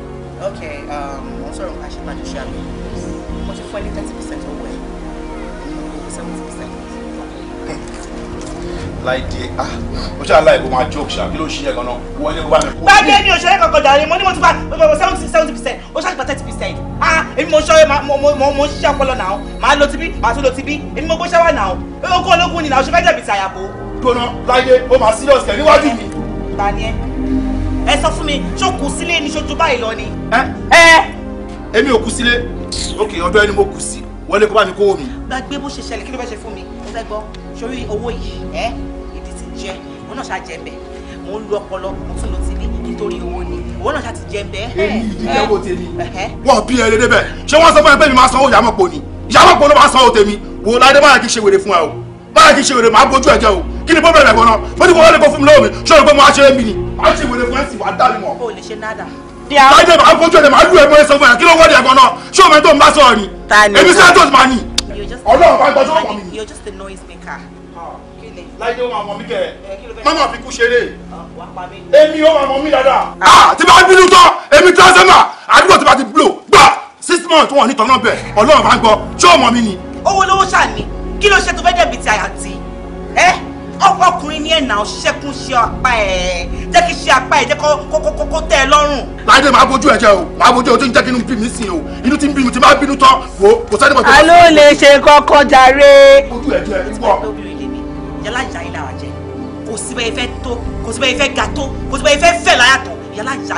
ok um, mo ń sọ̀rọ̀ káàṣì máa jọṣẹ́ àmì mo ti fún ẹ ní thirty percent owó ẹ̀ seventy percent. láìdí ah o ṣe aláìkó máa joke ṣá kí ló ṣe yẹ ganan wọ́n ilé kó bá mi kú. báyìí èmi ò ṣeré kankan jàre mo ní mo ti gba seventy seventy percent o ṣàgbà thirty percent ah èmi mo ṣọrẹ mo ń ṣiṣẹ́ ọpọlọ náà màá lo ti bí màá tún lo ti bí èmi mo gbé ṣáwá náà okòó ológun ni náà o ṣe fẹ́ jẹ̀bi tàyàbò. gbóná láìdé o máa serious kẹ́ níwájú mi àgbà ni ẹ ẹ sọ fún mi ṣó kù sílé ní ṣojú báyìí lọ ni. ẹ ẹ èmi ò kù sílé ok ọ̀dọ̀ ẹni mo kù sí wọlé kó bá mi kówó mi. gbàgbé bó ṣe ṣẹlẹ̀ kí ló fẹ́ ṣe fún mi mo fẹ́ gbọ́ sórí owó yìí ẹ ìdí ti jẹ òun náà ṣáà jẹ bẹ́ẹ̀ ń lu ọpọlọ mo tún lọ sí ilé nítorí owó ni òun náà ṣáà ti jẹ bẹ́ẹ̀. èyí ìyàwó tèmi wọn bí ẹ lédè bẹ́ẹ̀ ṣé wọn sọ fún ẹ mi máa sanwó ìyàmọ̀pọ̀ ni kí ni bọ́ọ̀bẹ̀rẹ̀ gan-an mo ní kó wọlé kó fún mi lọ́wọ́ mi ṣé o rò pé mo á ṣe é mi ni fún ẹ̀ sì wàá dá mi mọ̀. o lè ṣe nada. láìpẹ́ máa fojú ẹ̀ máa lù ẹ̀ mọ́ ẹ̀ sọ fún ẹ̀ kí ló wọ́ọ̀dì ẹ̀ gan-an ṣé o mọ̀ tó ń bá sọ̀rọ̀ ni èmi sẹ́ńtọ̀s máa ní ọlọ́run bá gbọ́ you're just a noise maker láìdé ó máa mọ mí kẹ má máa fi kú ṣeré èmi ó máa mọ mí dáadáa. a ah, ti bá bínú tán èmi tíránsẹ́mà àdúgbò tí bá ti blow gbà six months wọn ò ní tọ́nà bẹ̀ ọlọ́run bá ń gbọ́ ṣé ọmọ mi ni. owó lówó ṣàní kí ló ṣe tó fẹ́ dẹ̀bi ti àyàntì ẹ́ ọkùnrin ní ẹ̀nà ṣẹ́kún ṣe apá ẹ̀ jẹ́ kí ṣe apá ẹ̀ jẹ́ kó tẹ́ ẹ lọ́rùn. láìdé máa bójú ẹ jẹ o máa bójú ẹ o ń jẹ́ kí inú bí mi sìn o inú tí ń bí mi ti máa bínú tán wo kò sẹ́ni bọ̀ tó. a lè ṣe kọ́kọ́ jàre. ojú ẹ jẹ ẹ yàrá ìyá yìí làwọn jẹ kò sí bẹ́ẹ̀ fẹ́ tó kò sí bẹ́ẹ̀ fẹ́ ga tó kò sí bẹ́ẹ̀ fẹ́ fẹ́ láyà yàrá ìyá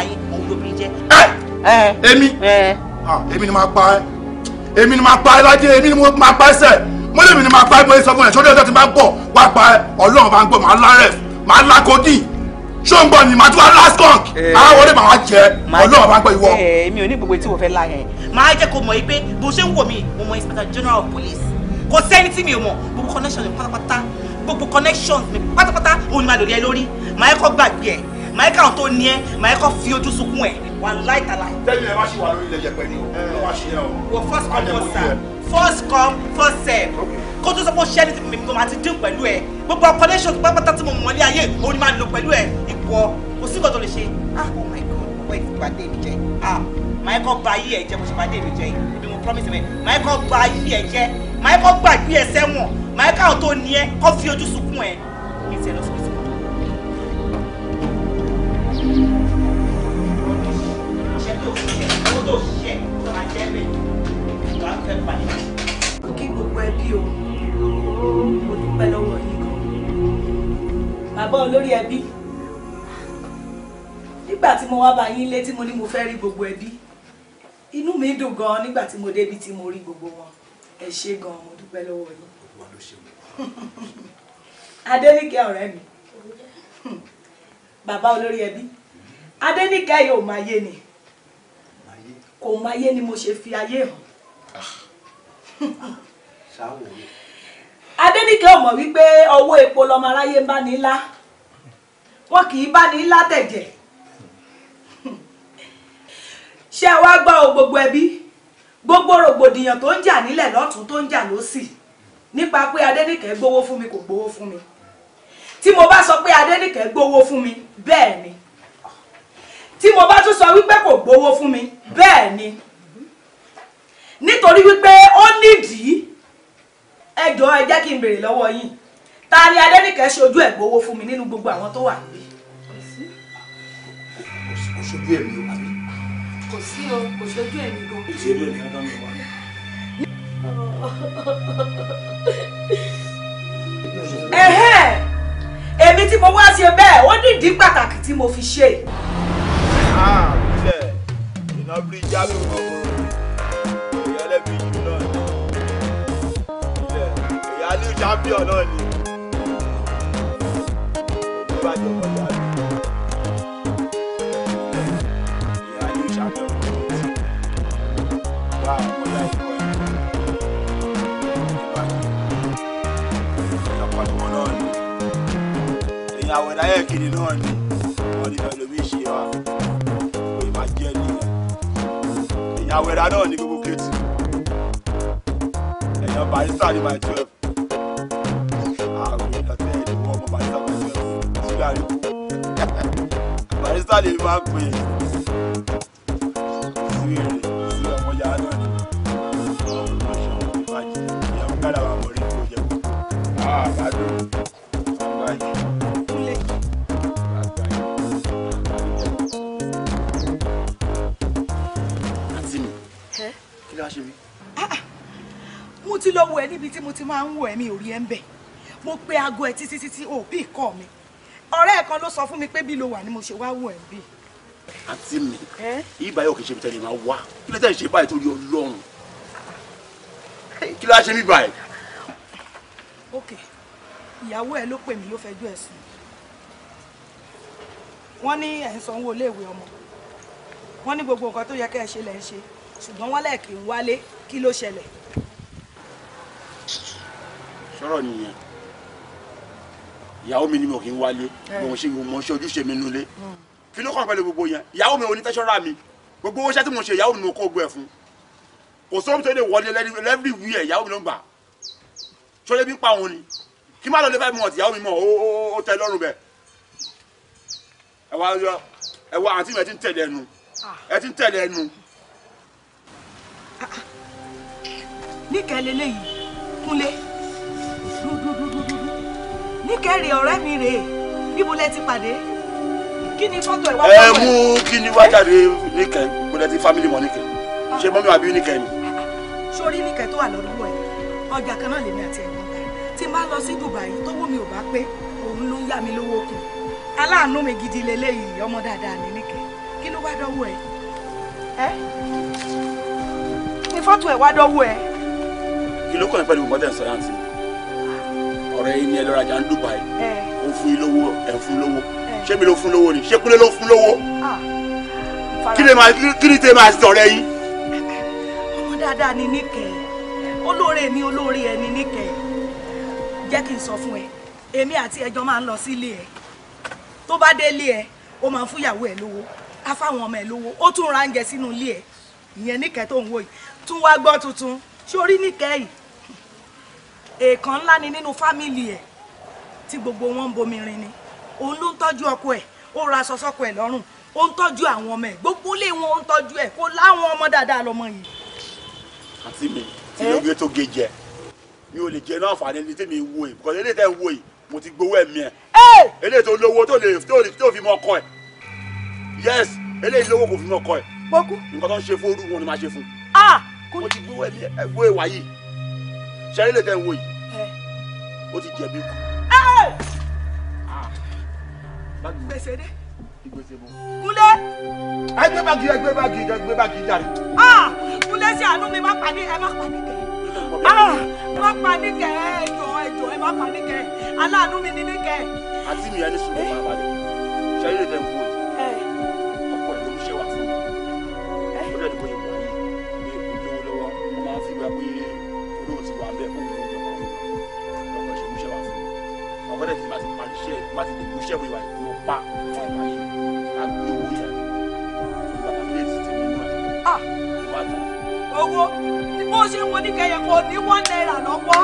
yìí mo lè mi ni máa pa ẹgbẹ́ sọ fún ẹ sọ́dọ̀ ọjọ́ ti máa ń bọ̀ wá pa ọlọ́run bá ń gbọ́ máa lárẹ̀ máa lákòdì ṣó ń gbọ́ ni màá tún wá last conk eh. àwọn wọlé màá jẹ ọlọ́run bá ń gbọ́ ìwọ. Eh, mi ò ní gbogbo tí mo fẹ́ la yẹn màá jẹ́ kó mọ̀ pé bó ṣe ń wò mí mo mọ inspector general of police kò sẹ́ni tí mi ò mọ̀ gbogbo connection mi pátápátá gbogbo connections mi pátápátá òun ni màá lò lé lórí màá yẹ kó gbàgbé ẹ̀ màá kà tó ní ẹ màá kọ́ fi ojú sunkún ẹ wà láì tàlà. tẹ́lẹ̀ ẹ bá ṣe wà lórí ilẹ̀ yẹpẹ ni o ló wá ṣe ẹ o. wọ first come first serve first come first serve kó tó sọ pé ó ṣẹ́ ní tèmi mo máa ti dín pẹ̀lú ẹ gbogbo connection pápátá tí mo mọ̀ ní ayé òun ni máa lò pẹ̀lú ẹ ìwọ kò sí nǹkan tó lè ṣe ah oh my god ọ̀pọ̀ ìfipàdé mi jẹ́ ah màá kọ́ ba ayé ẹ̀ jẹ́ mo ṣe pàdé mi jẹ́ ibi mo promise mi màá kọ́ ba ayé ẹ̀ jẹ́ màá kọ́ gbàgbé ẹ̀ sẹ́wọ̀n màá kọ́ tó ní ẹ kọ́ fi ojú sunkún ẹ̀ ní ìtẹ̀lọ́sọ̀tún. tó ṣiṣẹ́ owó tó ṣiṣẹ́ tó máa jẹ́ mi ìgbà fẹ́ parí. mo kí gbogbo ẹbí o mo dúpẹ́ lọ́wọ́ yìí gan. bàbá olórí nígbà tí mo wá bá yín lé tí mo ní mo fẹ́ rí gbogbo ẹbí inú mi dùn gan nígbà tí mo débi tí mo rí gbogbo wọn ẹ ṣé gan mo dúpẹ́ lọ́wọ́ yín. Adéníkẹ ọ̀rẹ́ mi bàbá olórí ẹbí Adéníkẹ yóò máa yé ni kò mọ ayé ni mo ṣe fi ayé hàn. Ah. Adéníkẹ́ ọ̀mọ̀ wípé ọwọ́ epo lọmọ aráyé ń bá ní ńlá wọn kì í bá ní ńlá tẹ̀jẹ̀ ṣé ẹ wá gbọ́ gbogbo ẹbí gbogbo rògbòdìyàn tó ń jà nílẹ̀ lọ́tún tó ń jà lọ́sì nípa pé Adéníkẹ́ gbowó fún mi kò gbowó fún mi tí mo bá sọ pé Adéníkẹ́ gbowó fún mi bẹ́ẹ̀ ni tí mo bá tún sọ wípé kò gbowó fún mi bẹ́ẹ̀ ni nítorí wípé ó nídìí ẹ jọ̀ọ́ ẹ jẹ́ kí n béèrè lọ́wọ́ yín ta ni Adénìkẹ́ ṣojú ẹ̀ gbowó fún mi nínú gbogbo àwọn tó wà níbí. kò ṣojú ẹ̀mí o àbí. kò sí o kò ṣojú ẹ̀mí gan. kò ṣojú ẹ̀mí gan mi wá. èmi tí mo wá ṣe bẹ́ẹ̀ ó nídìí pàtàkì tí mo fi ṣe ilẹ̀ iná bíríjà bí wọ́n kúrò ìyẹlẹ bí yìí náà ni ilẹ̀ ìyá ní champion náà ni ìbàjẹ́ ọ̀dà ni ìyá ní champion náà ni wà á kọ́ láì kọ́ ìbàjẹ́ ọ̀dà ni ìyàwó ẹ̀dá yẹ̀ kiri náà ni wọ́n ní ọ̀dọ̀ yàwẹ̀rà náà ní gbogbo kejì ẹ̀yàn barista ní my twelve àrùn ìdàtẹ́ ẹ̀dínwó ọmọ barista my twelve sílẹ̀ àríkù barista lè máa ń pè é. ibi tí mo ti máa ń wò ẹ̀mí ò ẹ̀ ń bẹ̀ mo pe aago ẹ̀ títí títí ò kọ́ mi ọ̀rẹ́ kan ló sọ fún mi pé bí lo wà ni mo ṣe wá wò ẹ̀ bí. àǹtí mi ibà yóò kì í ṣe máa wá kí lẹ́tẹ̀ ṣe báyìí torí ọlọ́run kí ló ṣe mí báyìí. ok ìyàwó ẹ ló pè mí ló fẹjọ́ ẹ sùn wọ́n ní ẹ̀ ń sanwó iléèwé ọmọ wọ́n ní gbogbo nǹkan tó yẹ kẹ́ ẹ ṣe lẹ́ ń ṣe ṣùgbọ́n wọ́n lẹ̀ kì í wálé kí ló ṣẹlẹ̀ sọ̀rọ̀ nìyẹn ìyàwó mi ni mo kì í wálé mo ṣe mo ṣe ojúṣe mi nulẹ̀ hmm. kí ló kàn pẹ̀lú gbogbo yẹn ìyàwó mi onítẹ́sọ́ra mi gbogbo owó iṣẹ́ tí mo ṣe ìyàwó mi mo kó gbẹ fún kò sọ́wọ́n tó lè wọlé lẹ́bí wí ẹ̀ ìyàwó mi ló ń gbà ṣọlẹ́ bí ń pa òun ni kí má lọ lé five months ìyàwó mi mọ̀ ó tẹ lọ́rùn bẹ́ẹ̀ ẹ wá ah. ah, ah. yọ níkẹ́rì ọ̀rẹ́ mi rèé níbo lẹ ti pàdé kí ni fọ́tò ẹ̀ wá fọ́tò ẹ mú kí ni wá jáde níkẹ́ gbọdọ̀ ti family mọ̀ níkẹ́ ṣe mọ́mí àbí níkẹ́ ni. sórí níkẹ́ tó wà lọ́dúnwọ̀ ẹ̀ ọjà kan náà lèmi àti ẹ̀gbọ́n ta tí n bá lọ sí Dubai tọ́wọ́ mi ò bá pé òun ló ń yá mi lówó kù aláàánú mi gidi leléyìí ọmọ dáadáa ní níkẹ́ kí ló wá dọ́wọ́ ẹ̀ ẹ́ ni fọ́tò ẹ̀ wá dọ́wọ́ ẹ̀. kí ló kàn pẹ̀lú mọ́tẹ́ sọ́yà àǹtí ọ̀rẹ́ yín ni ẹ lọ́rajà ń Dubai ó fún yín lówó ẹ̀ fún lówó ṣé mi ló fún lówó ni ṣé kúlẹ̀ ló fún lówó ah. kí ni tẹ́ máa sọ̀rẹ́ yín. ọmọ dáadáa ni níkẹ́ olóore mi olóore ẹni níkẹ́ jẹ́ kí n sọ fún ẹ èmi àti ẹjọ́ máa ń lọ sílé ẹ tó bá délé ẹ ó máa ń fúyàwó ẹ lówó á fáwọn ọmọ ẹ lówó ó tún ra oúnjẹ sínú ilé ẹ ìyẹn níkẹ́ tó ń wò yìí tún wá gbọ́ tuntun ṣé orí níkẹ́ yìí èèkàn ńlá ni nínú fámìlì ẹ̀ tí gbogbo wọn ń bomi rin ni òun ló ń tọ́jú ọkọ ẹ̀ ó ra aṣọ sọ́kọ ẹ̀ lọ́rùn ó ń tọ́jú àwọn ọmọ ẹ̀ gbogbo lé wọn ó ń tọ́jú ẹ̀ kó láwọn ọmọ dáadáa lọmọ yìí. àti mi tí ló tó ge jẹ mi ò lè jẹ náà fàánì ní tèmi wo yìí because eléyìí tẹ́ ń wo yìí mo ti gbowó ẹ̀mí ẹ̀ eléyìí tó lówó tó lè fi mọ́ ọkọ ẹ̀ yes eléyìí lówó kò fi mọ́ ọkọ ẹ̀ nǹkan tó ń ṣe fún orú wọn ni máa ṣe fún. ah kò ní. mo ti gbowó ẹ̀mí ẹ̀ gbowó ìwà yìí ṣẹ́rí lè tẹ́ wo wò yìí ó ti jẹ̀bi kù. Ah. gbèsè dé. ìgbèsè bò. kúlẹ̀. ẹ gbé báàgì ẹ gbé báàgì ẹ gbé báàgì jàre. Ah, kúlẹ̀ sí àánú mi má pàdé ẹ má pàdé kẹ. Ah, má pàdé kẹ ẹ jọ ẹ jọ ẹ má pàdé kẹ aláàánú mi ní ní kẹ. àti mi ẹni sùn ló máa balẹ̀ ṣẹ́rí lè tẹ́ ń yìí. ṣe má ti dìbò iṣẹ́ ìwà ìwọ pa fún ọmọ yìí àgbé owó yẹn bàbá bíi èsì ti mú un náà. Ah! owó bó ṣe ń wọlé kẹyẹ kò ní one naira lọ́wọ́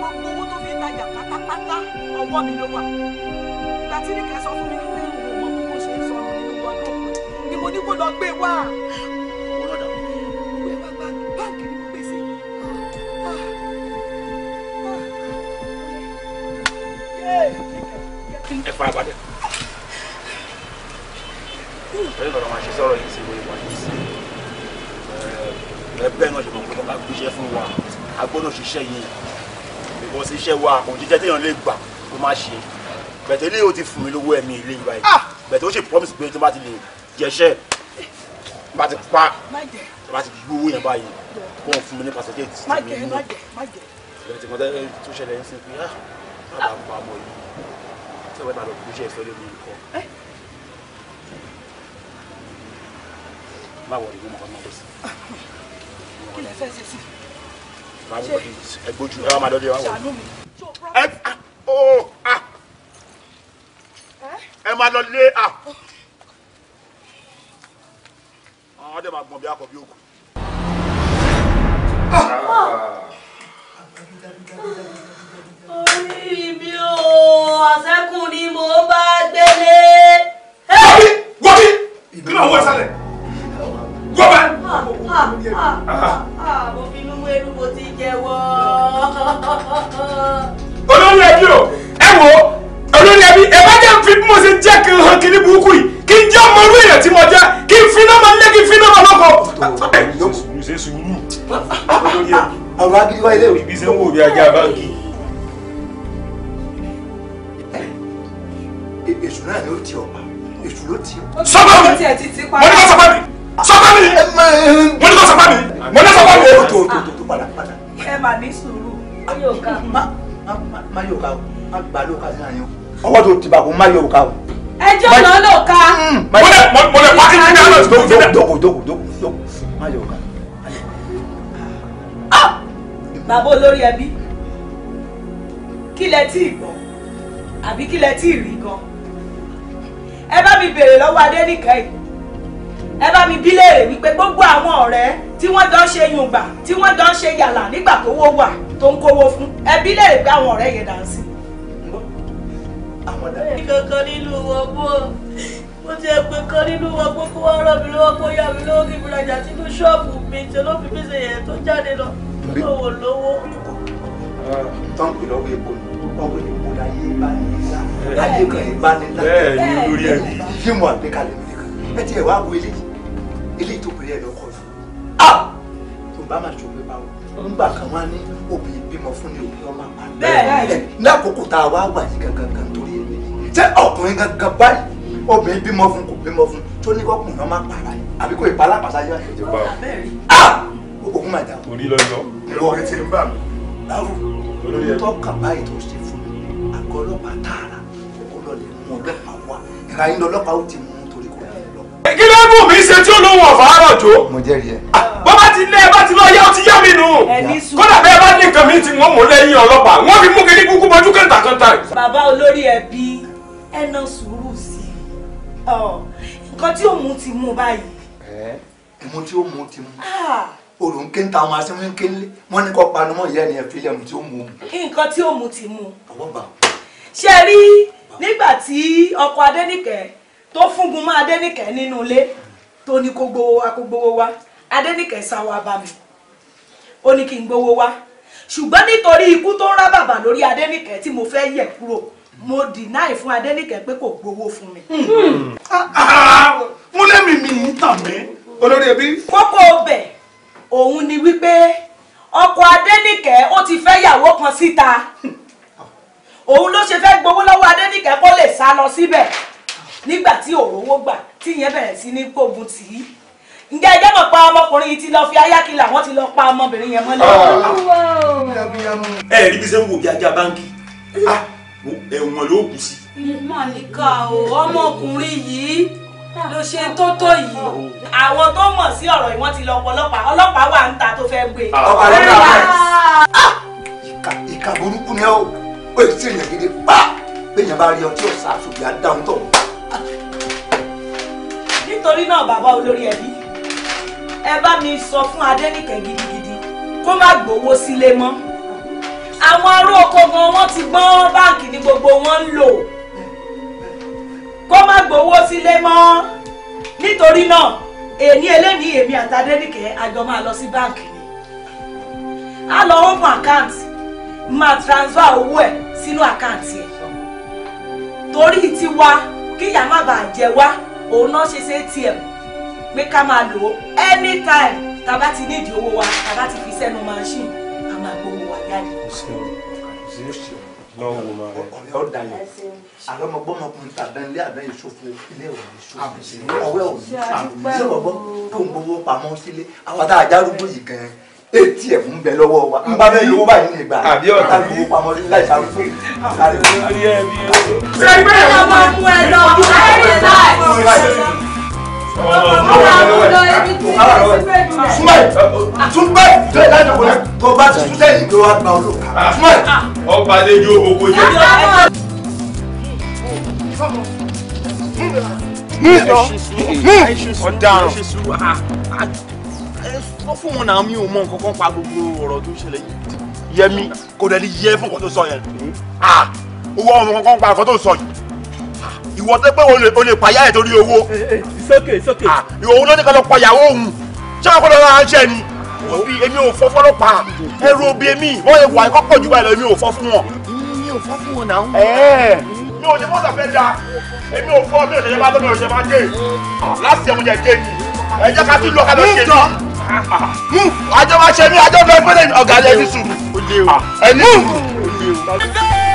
gbogbo owó tó fi tajà pátápátá ọwọ́ mi ló wà ìgbà tí nìkan sọ fún mi nígbà ìwọ̀n mọ́ bó ṣe ń sọ nínú wọn lóko ni mo ní kó lọ gbé wá. ẹ fara balẹ̀. pẹ̀lú ìgbàlọ́ máa ṣe sọ̀rọ̀ yìí sí ìwé ìwà yìí sí ẹ bẹ́ẹ̀ náà ṣe mọ̀ pé wọ́n bá gbéṣẹ́ fún wa a gbọ́dọ̀ ṣiṣẹ́ yìí because iṣẹ́ wa kò jíjẹ́ téèyàn lè gbà kó má ṣe bẹ̀tẹ̀ ilé yóò ti fún mi lówó ẹ̀mí ilé ìwà yìí bẹ̀tẹ̀ ó ṣe promise pé tó bá ti lè jẹṣẹ́ bá ti pa bá ti gbowó yẹn báyìí kó wọn fún mi ní pàṣẹ kéètì tèmi nù bẹ̀tẹ̀ mọ́tẹ́ tó ṣẹlẹ̀ ń sìn pé ah má bàa pa ọmọ yìí sọ wẹ́n máa lọ gbóṣẹ́ ìfẹ́ lórí nǹkan. báwo ni mo mọ̀ ọ́n lọ́sí. Ah, kí lè fẹ́ ṣe sí. máa wọ ọdún ẹgbójú ẹ wá máa lọ́dẹ wá wọ. ẹ ó ah, à ah. ẹ máa lọ lé à. àwọn ọdẹ àwọn ìsàlẹ̀ gbọ́bẹ. Ah, ah, ah, mo fi inú ẹnu mo ti jẹ́wọ́. olórí ẹbí o ẹ wo olórí ẹbí ẹ bá jẹ́ fi bí mo ṣe jẹ́ kí n hàn kí ní burúkú yìí kí n jẹ́ ọmọ orí èèyàn tí mo jẹ́ kí n fi náà máa lé kí n fi náà máa lọ́kọ̀ọ́. ṣe sùúrù olórí ẹbí àwọn agídíwá ilé òbí bí ṣe ń wò bí ajá báńkì. èṣù náà ni ó ti ọ̀pá ló ti. sọ́kọ́ mi mo ní kó sọ́kọ́ mi sọ́kọ́ mi mo ní kó sọ́kọ́ mi mo ní sọ́kọ́ mi. tó tó tó tó padà padà. ẹ mà ní sùúrù mayoka. mayoka o má gbà lóka sí àyàn. ọwọ́ tó ti bà kó mayoka o. ẹjọ́ lọ lóka. mo lè mo lè pàkí ní ká lọ́sí tó tó. dókò dókò dókò dókò mayoka. Ah! Ah! bàbá olórí ẹbí kí lẹ tí ì gbọ́ àbí kí lẹ tí ì rí gan-an ẹ bá mi béèrè lọ́wọ́ Adénìkan yìí ẹ bá mi bí léèrè wípé gbogbo àwọn ọ̀rẹ́ tí wọ́n jọ ń ṣe yùngbà tí wọ́n jọ ń ṣe yàlà nígbà tówó wà tó ń kówó fún ẹ bí léèrè pé àwọn ọ̀rẹ́ yẹn dànsí. kankan nínú wọn bó mo ti ẹ pé kan nínú wọn pé kó wá rọ mi lọ́wọ́ kó yá mi lọ́wọ́ kí mi rajà sínú ṣọ́ọ̀bù mi tí olófin mi yẹn tó jáde lọ tó wò lówó. tọ́ǹpì lọ́wọ́ epo ni ọmọ ìdìbò láyé ìbánilá láyé kan ìbánilá bẹ́ẹ̀ ni olórí ẹ̀ ṣé mo àgbékalẹ̀ mi nìkan ẹ ti ẹ̀ wá wo eléyìí eléyìí tó bèrè ẹ̀ lọ́kọ̀ fún tó bá máa ṣòwò báwo nígbà kan wá ní òbí ìbímọ fún ni òbí ọmọ àpá bẹ́ẹ̀ ní àkókò tá a wá wà yìí gangan kan torí èmi ṣé ọkùnrin gangan báyìí obìnrin bímọ fún kò bímọ fún tó ní kọkùnrin ọmọ àpàrà yìí àbí kò ìpalá àpàṣà yóò àṣejọ ògùn màdà orí tó kà báyìí tó ṣe ọgọ ọlọ́pàá tààrà kó lọ lè mú ọlọ́pàá wá ìhà yín lọ́lọ́pàá ó ti mú torí kò lè lọ. kí ló bù mí ṣe tí ó lóun ọ̀fà àárọ̀ tó. mo jẹ́rìí ẹ. Ah, bó bá ti lé ẹ bá ti lọ yá ó ti yá mi nù. kódà bẹ́ẹ̀ bá ní nǹkan mi tí wọ́n mú lẹ́yìn ọlọ́pàá wọ́n fi mú kíní kúkú mọ́jú kẹta kan ta. bàbá olórí ẹbí ẹ ná sùúrù sí i nǹkan tí òun ti mú báyìí. ẹ ìmú tí ó mú ah. òrùn ké ń ta àwọn asẹ́wọ́n ké ń lé wọ́n ní kọ́ panu mọ́ ìyá ènìyàn fílẹ̀ mu tí ó mú. nǹkan tí ó mú ti mú. àwọn bá wọn ṣe rí nígbà tí ọkọ Adénìkẹ́ tó fúngun mọ́ Adénìkẹ́ nínú ilé tó ní kó gbowó wa kó gbowó wa Adénìkẹ́ sá wa bá mi ó ní kí n gbowó wa ṣùgbọ́n nítorí ikú tó ń rá bàbà lórí Adénìkẹ́ tí mo fẹ́ yẹ̀ kúrò mo dìnáì fún Adénìkẹ́ pé kò gbowó fún mi. mo lẹ́mìí mi ń tàn mí olórí ẹbí. kókó ọbẹ̀ òun ni wípé ọkọ Adénìkẹ́ ó ti fẹ́ yàwó kan síta òun ló ṣe fẹ́ gbowó lọ́wọ́ Adénìkẹ́ kó lè sá lọ síbẹ̀ nígbà tí òrówó gbà tí ìyẹn bẹ̀rẹ̀ sí ní gbógun tì í ǹjẹ́ ẹjẹ́ mọ̀ pa ọmọkùnrin yìí ti lọ fi ayákilà wọ́n ti lọ pa ọmọbìnrin yẹn mọ́lẹ̀. Ah. ẹ rí bí wò bí báńkì ah, ẹ̀wọ̀n ló kù sí. mà níkà o ọmọkùnrin yìí ló ṣe tó tó yìí. Ah. àwọn tó mọ̀ sí ọ̀rọ̀ yìí wọ́n ti lọ ọlọ́pàá ọlọ́pàá wà ń ta tó fẹ́ gbé. ọ̀pá ó ti tìrì yàn gidi pa bẹ́ẹ̀yàn bá rí ọtí ọ̀sà àṣùgbì àdáhùn tó. nítorí náà bàbá olórí ẹbí ẹ bá mi sọ fún Adénìkẹ́ gidigidi kó má gbowó sílé mọ́ àwọn ará oko gan wọn ti gbọ́n báǹkì ní gbogbo wọn ń lò kó má gbowó sílé mọ́ nítorí náà èní eléyìí èmi àti Adénìkẹ́ àjọ máa lọ sí báǹkì ni a lọ open account máa transfer owó ẹ̀ sínú àkáǹtì ẹ̀ torí ti wá kíyà má bàa jẹ wá òun náà ṣe ṣe ATM pé ká máa lò ó anytime tá a bá ti nídìí owó wa tá a bá ti fi sẹ́nu machine a máa gbowó wa jáde. ọ̀rẹ́ ọ̀dàlẹ̀ àlọ́mọgbọ́mọkùnrin tàbẹ́ńlé àbẹ́ ìṣòfò ilé ìwà ìṣòfò ọ̀wẹ́ òní ṣàbùsí ọ̀gbọ́n tó ń gbowó pamọ́ sílé àwọn tá a járúgbó yìí gan-an etí ẹ̀ fún bẹ lọ́wọ́ wa n bá bẹ́ẹ̀ lówó báyìí lè gbà àbí ọ̀tá mi kó pamọ́ sí láì sáré fún àrí rí ẹ bí o. ṣé ìgbẹ́ yẹn ló máa kú ẹ lọ bí ẹ rí láì. Súnmọ́ì súnmọ́ì tó ẹ láti wọlé tó bá ti sún sẹ́yìn tó wá gba olóka. Ah. Súnmọ́ì. Ọba àlejò gbogbo jẹ. Mú ìdán mú ọ̀daràn sọ fún wọn náà mi ò mọ nǹkan kan pa gbogbo ọ̀rọ̀ tó ṣẹlẹ̀ yìí yẹmi kò dẹ̀ ní yẹ fún nǹkan tó sọ yẹn owó ọmọ kankan pa nǹkan tó sọ yìí ìwọ tẹ pé o lè payá ẹ̀ torí owó eh, eh, eh, sókè sókè ìwọ òun ló ní ká lọ payàwó òun ṣé àwọn kọ́ńtà náà ń ṣe ni òbí èmi ò fọ́ fọ́lọ́pàá ẹrú òbí èmi wọ́n lè wà ẹ̀kọ́ pọ̀ jù báyìí lọ èmi ò fọ́ fún wọn. mi ò fọ́ fún wọn náà. mi ò ní mọ́tò fẹ́ da èmi ò fọ́ mi ò lè ṣe bá lọ́dọ̀ ṣe máa dé láti ẹ̀mú jẹ́ dé ni Move! mú àjọ máa ṣe mí àjọ lọ gbọ́dọ̀ ọ̀gá ẹni sùn ẹni sùn.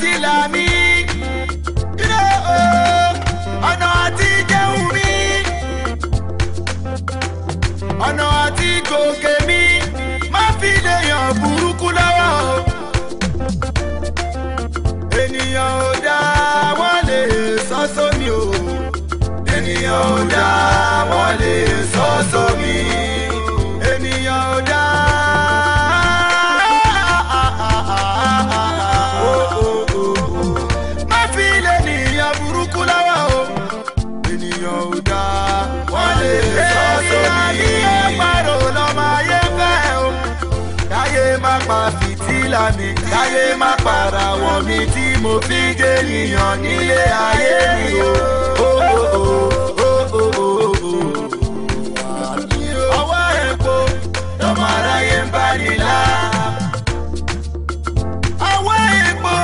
ti là mí. ọ̀nà àti jẹun mi. ọ̀nà àti gòkè mi. má fi lè yàn burúkú lọ́wọ́ o. ènìyàn ò dá wọ́n sọ́sọ́ mi o. ènìyàn ò dá. mo fi jẹ́nìyàn nílé ayé mi o. ọwọ́ epo lọ́mọ aráyé ń bá nílá. ọwọ́ epo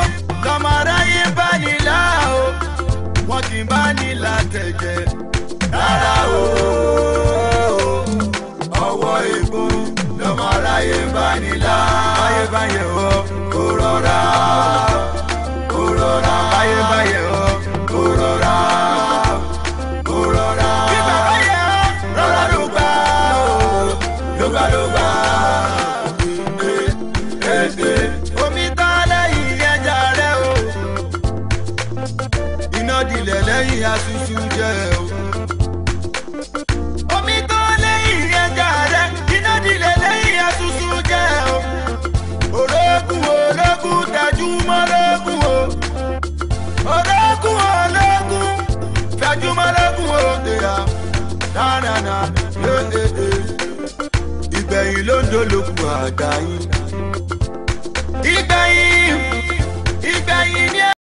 lọ́mọ aráyé ń bá nílá o. wọ́n kì í bá nílá tẹ̀jẹ̀ rárá o. ọwọ́ epo lọ́mọ aráyé ń bá nílá. báyé báyé o kò rọra. I am, àgbáyé.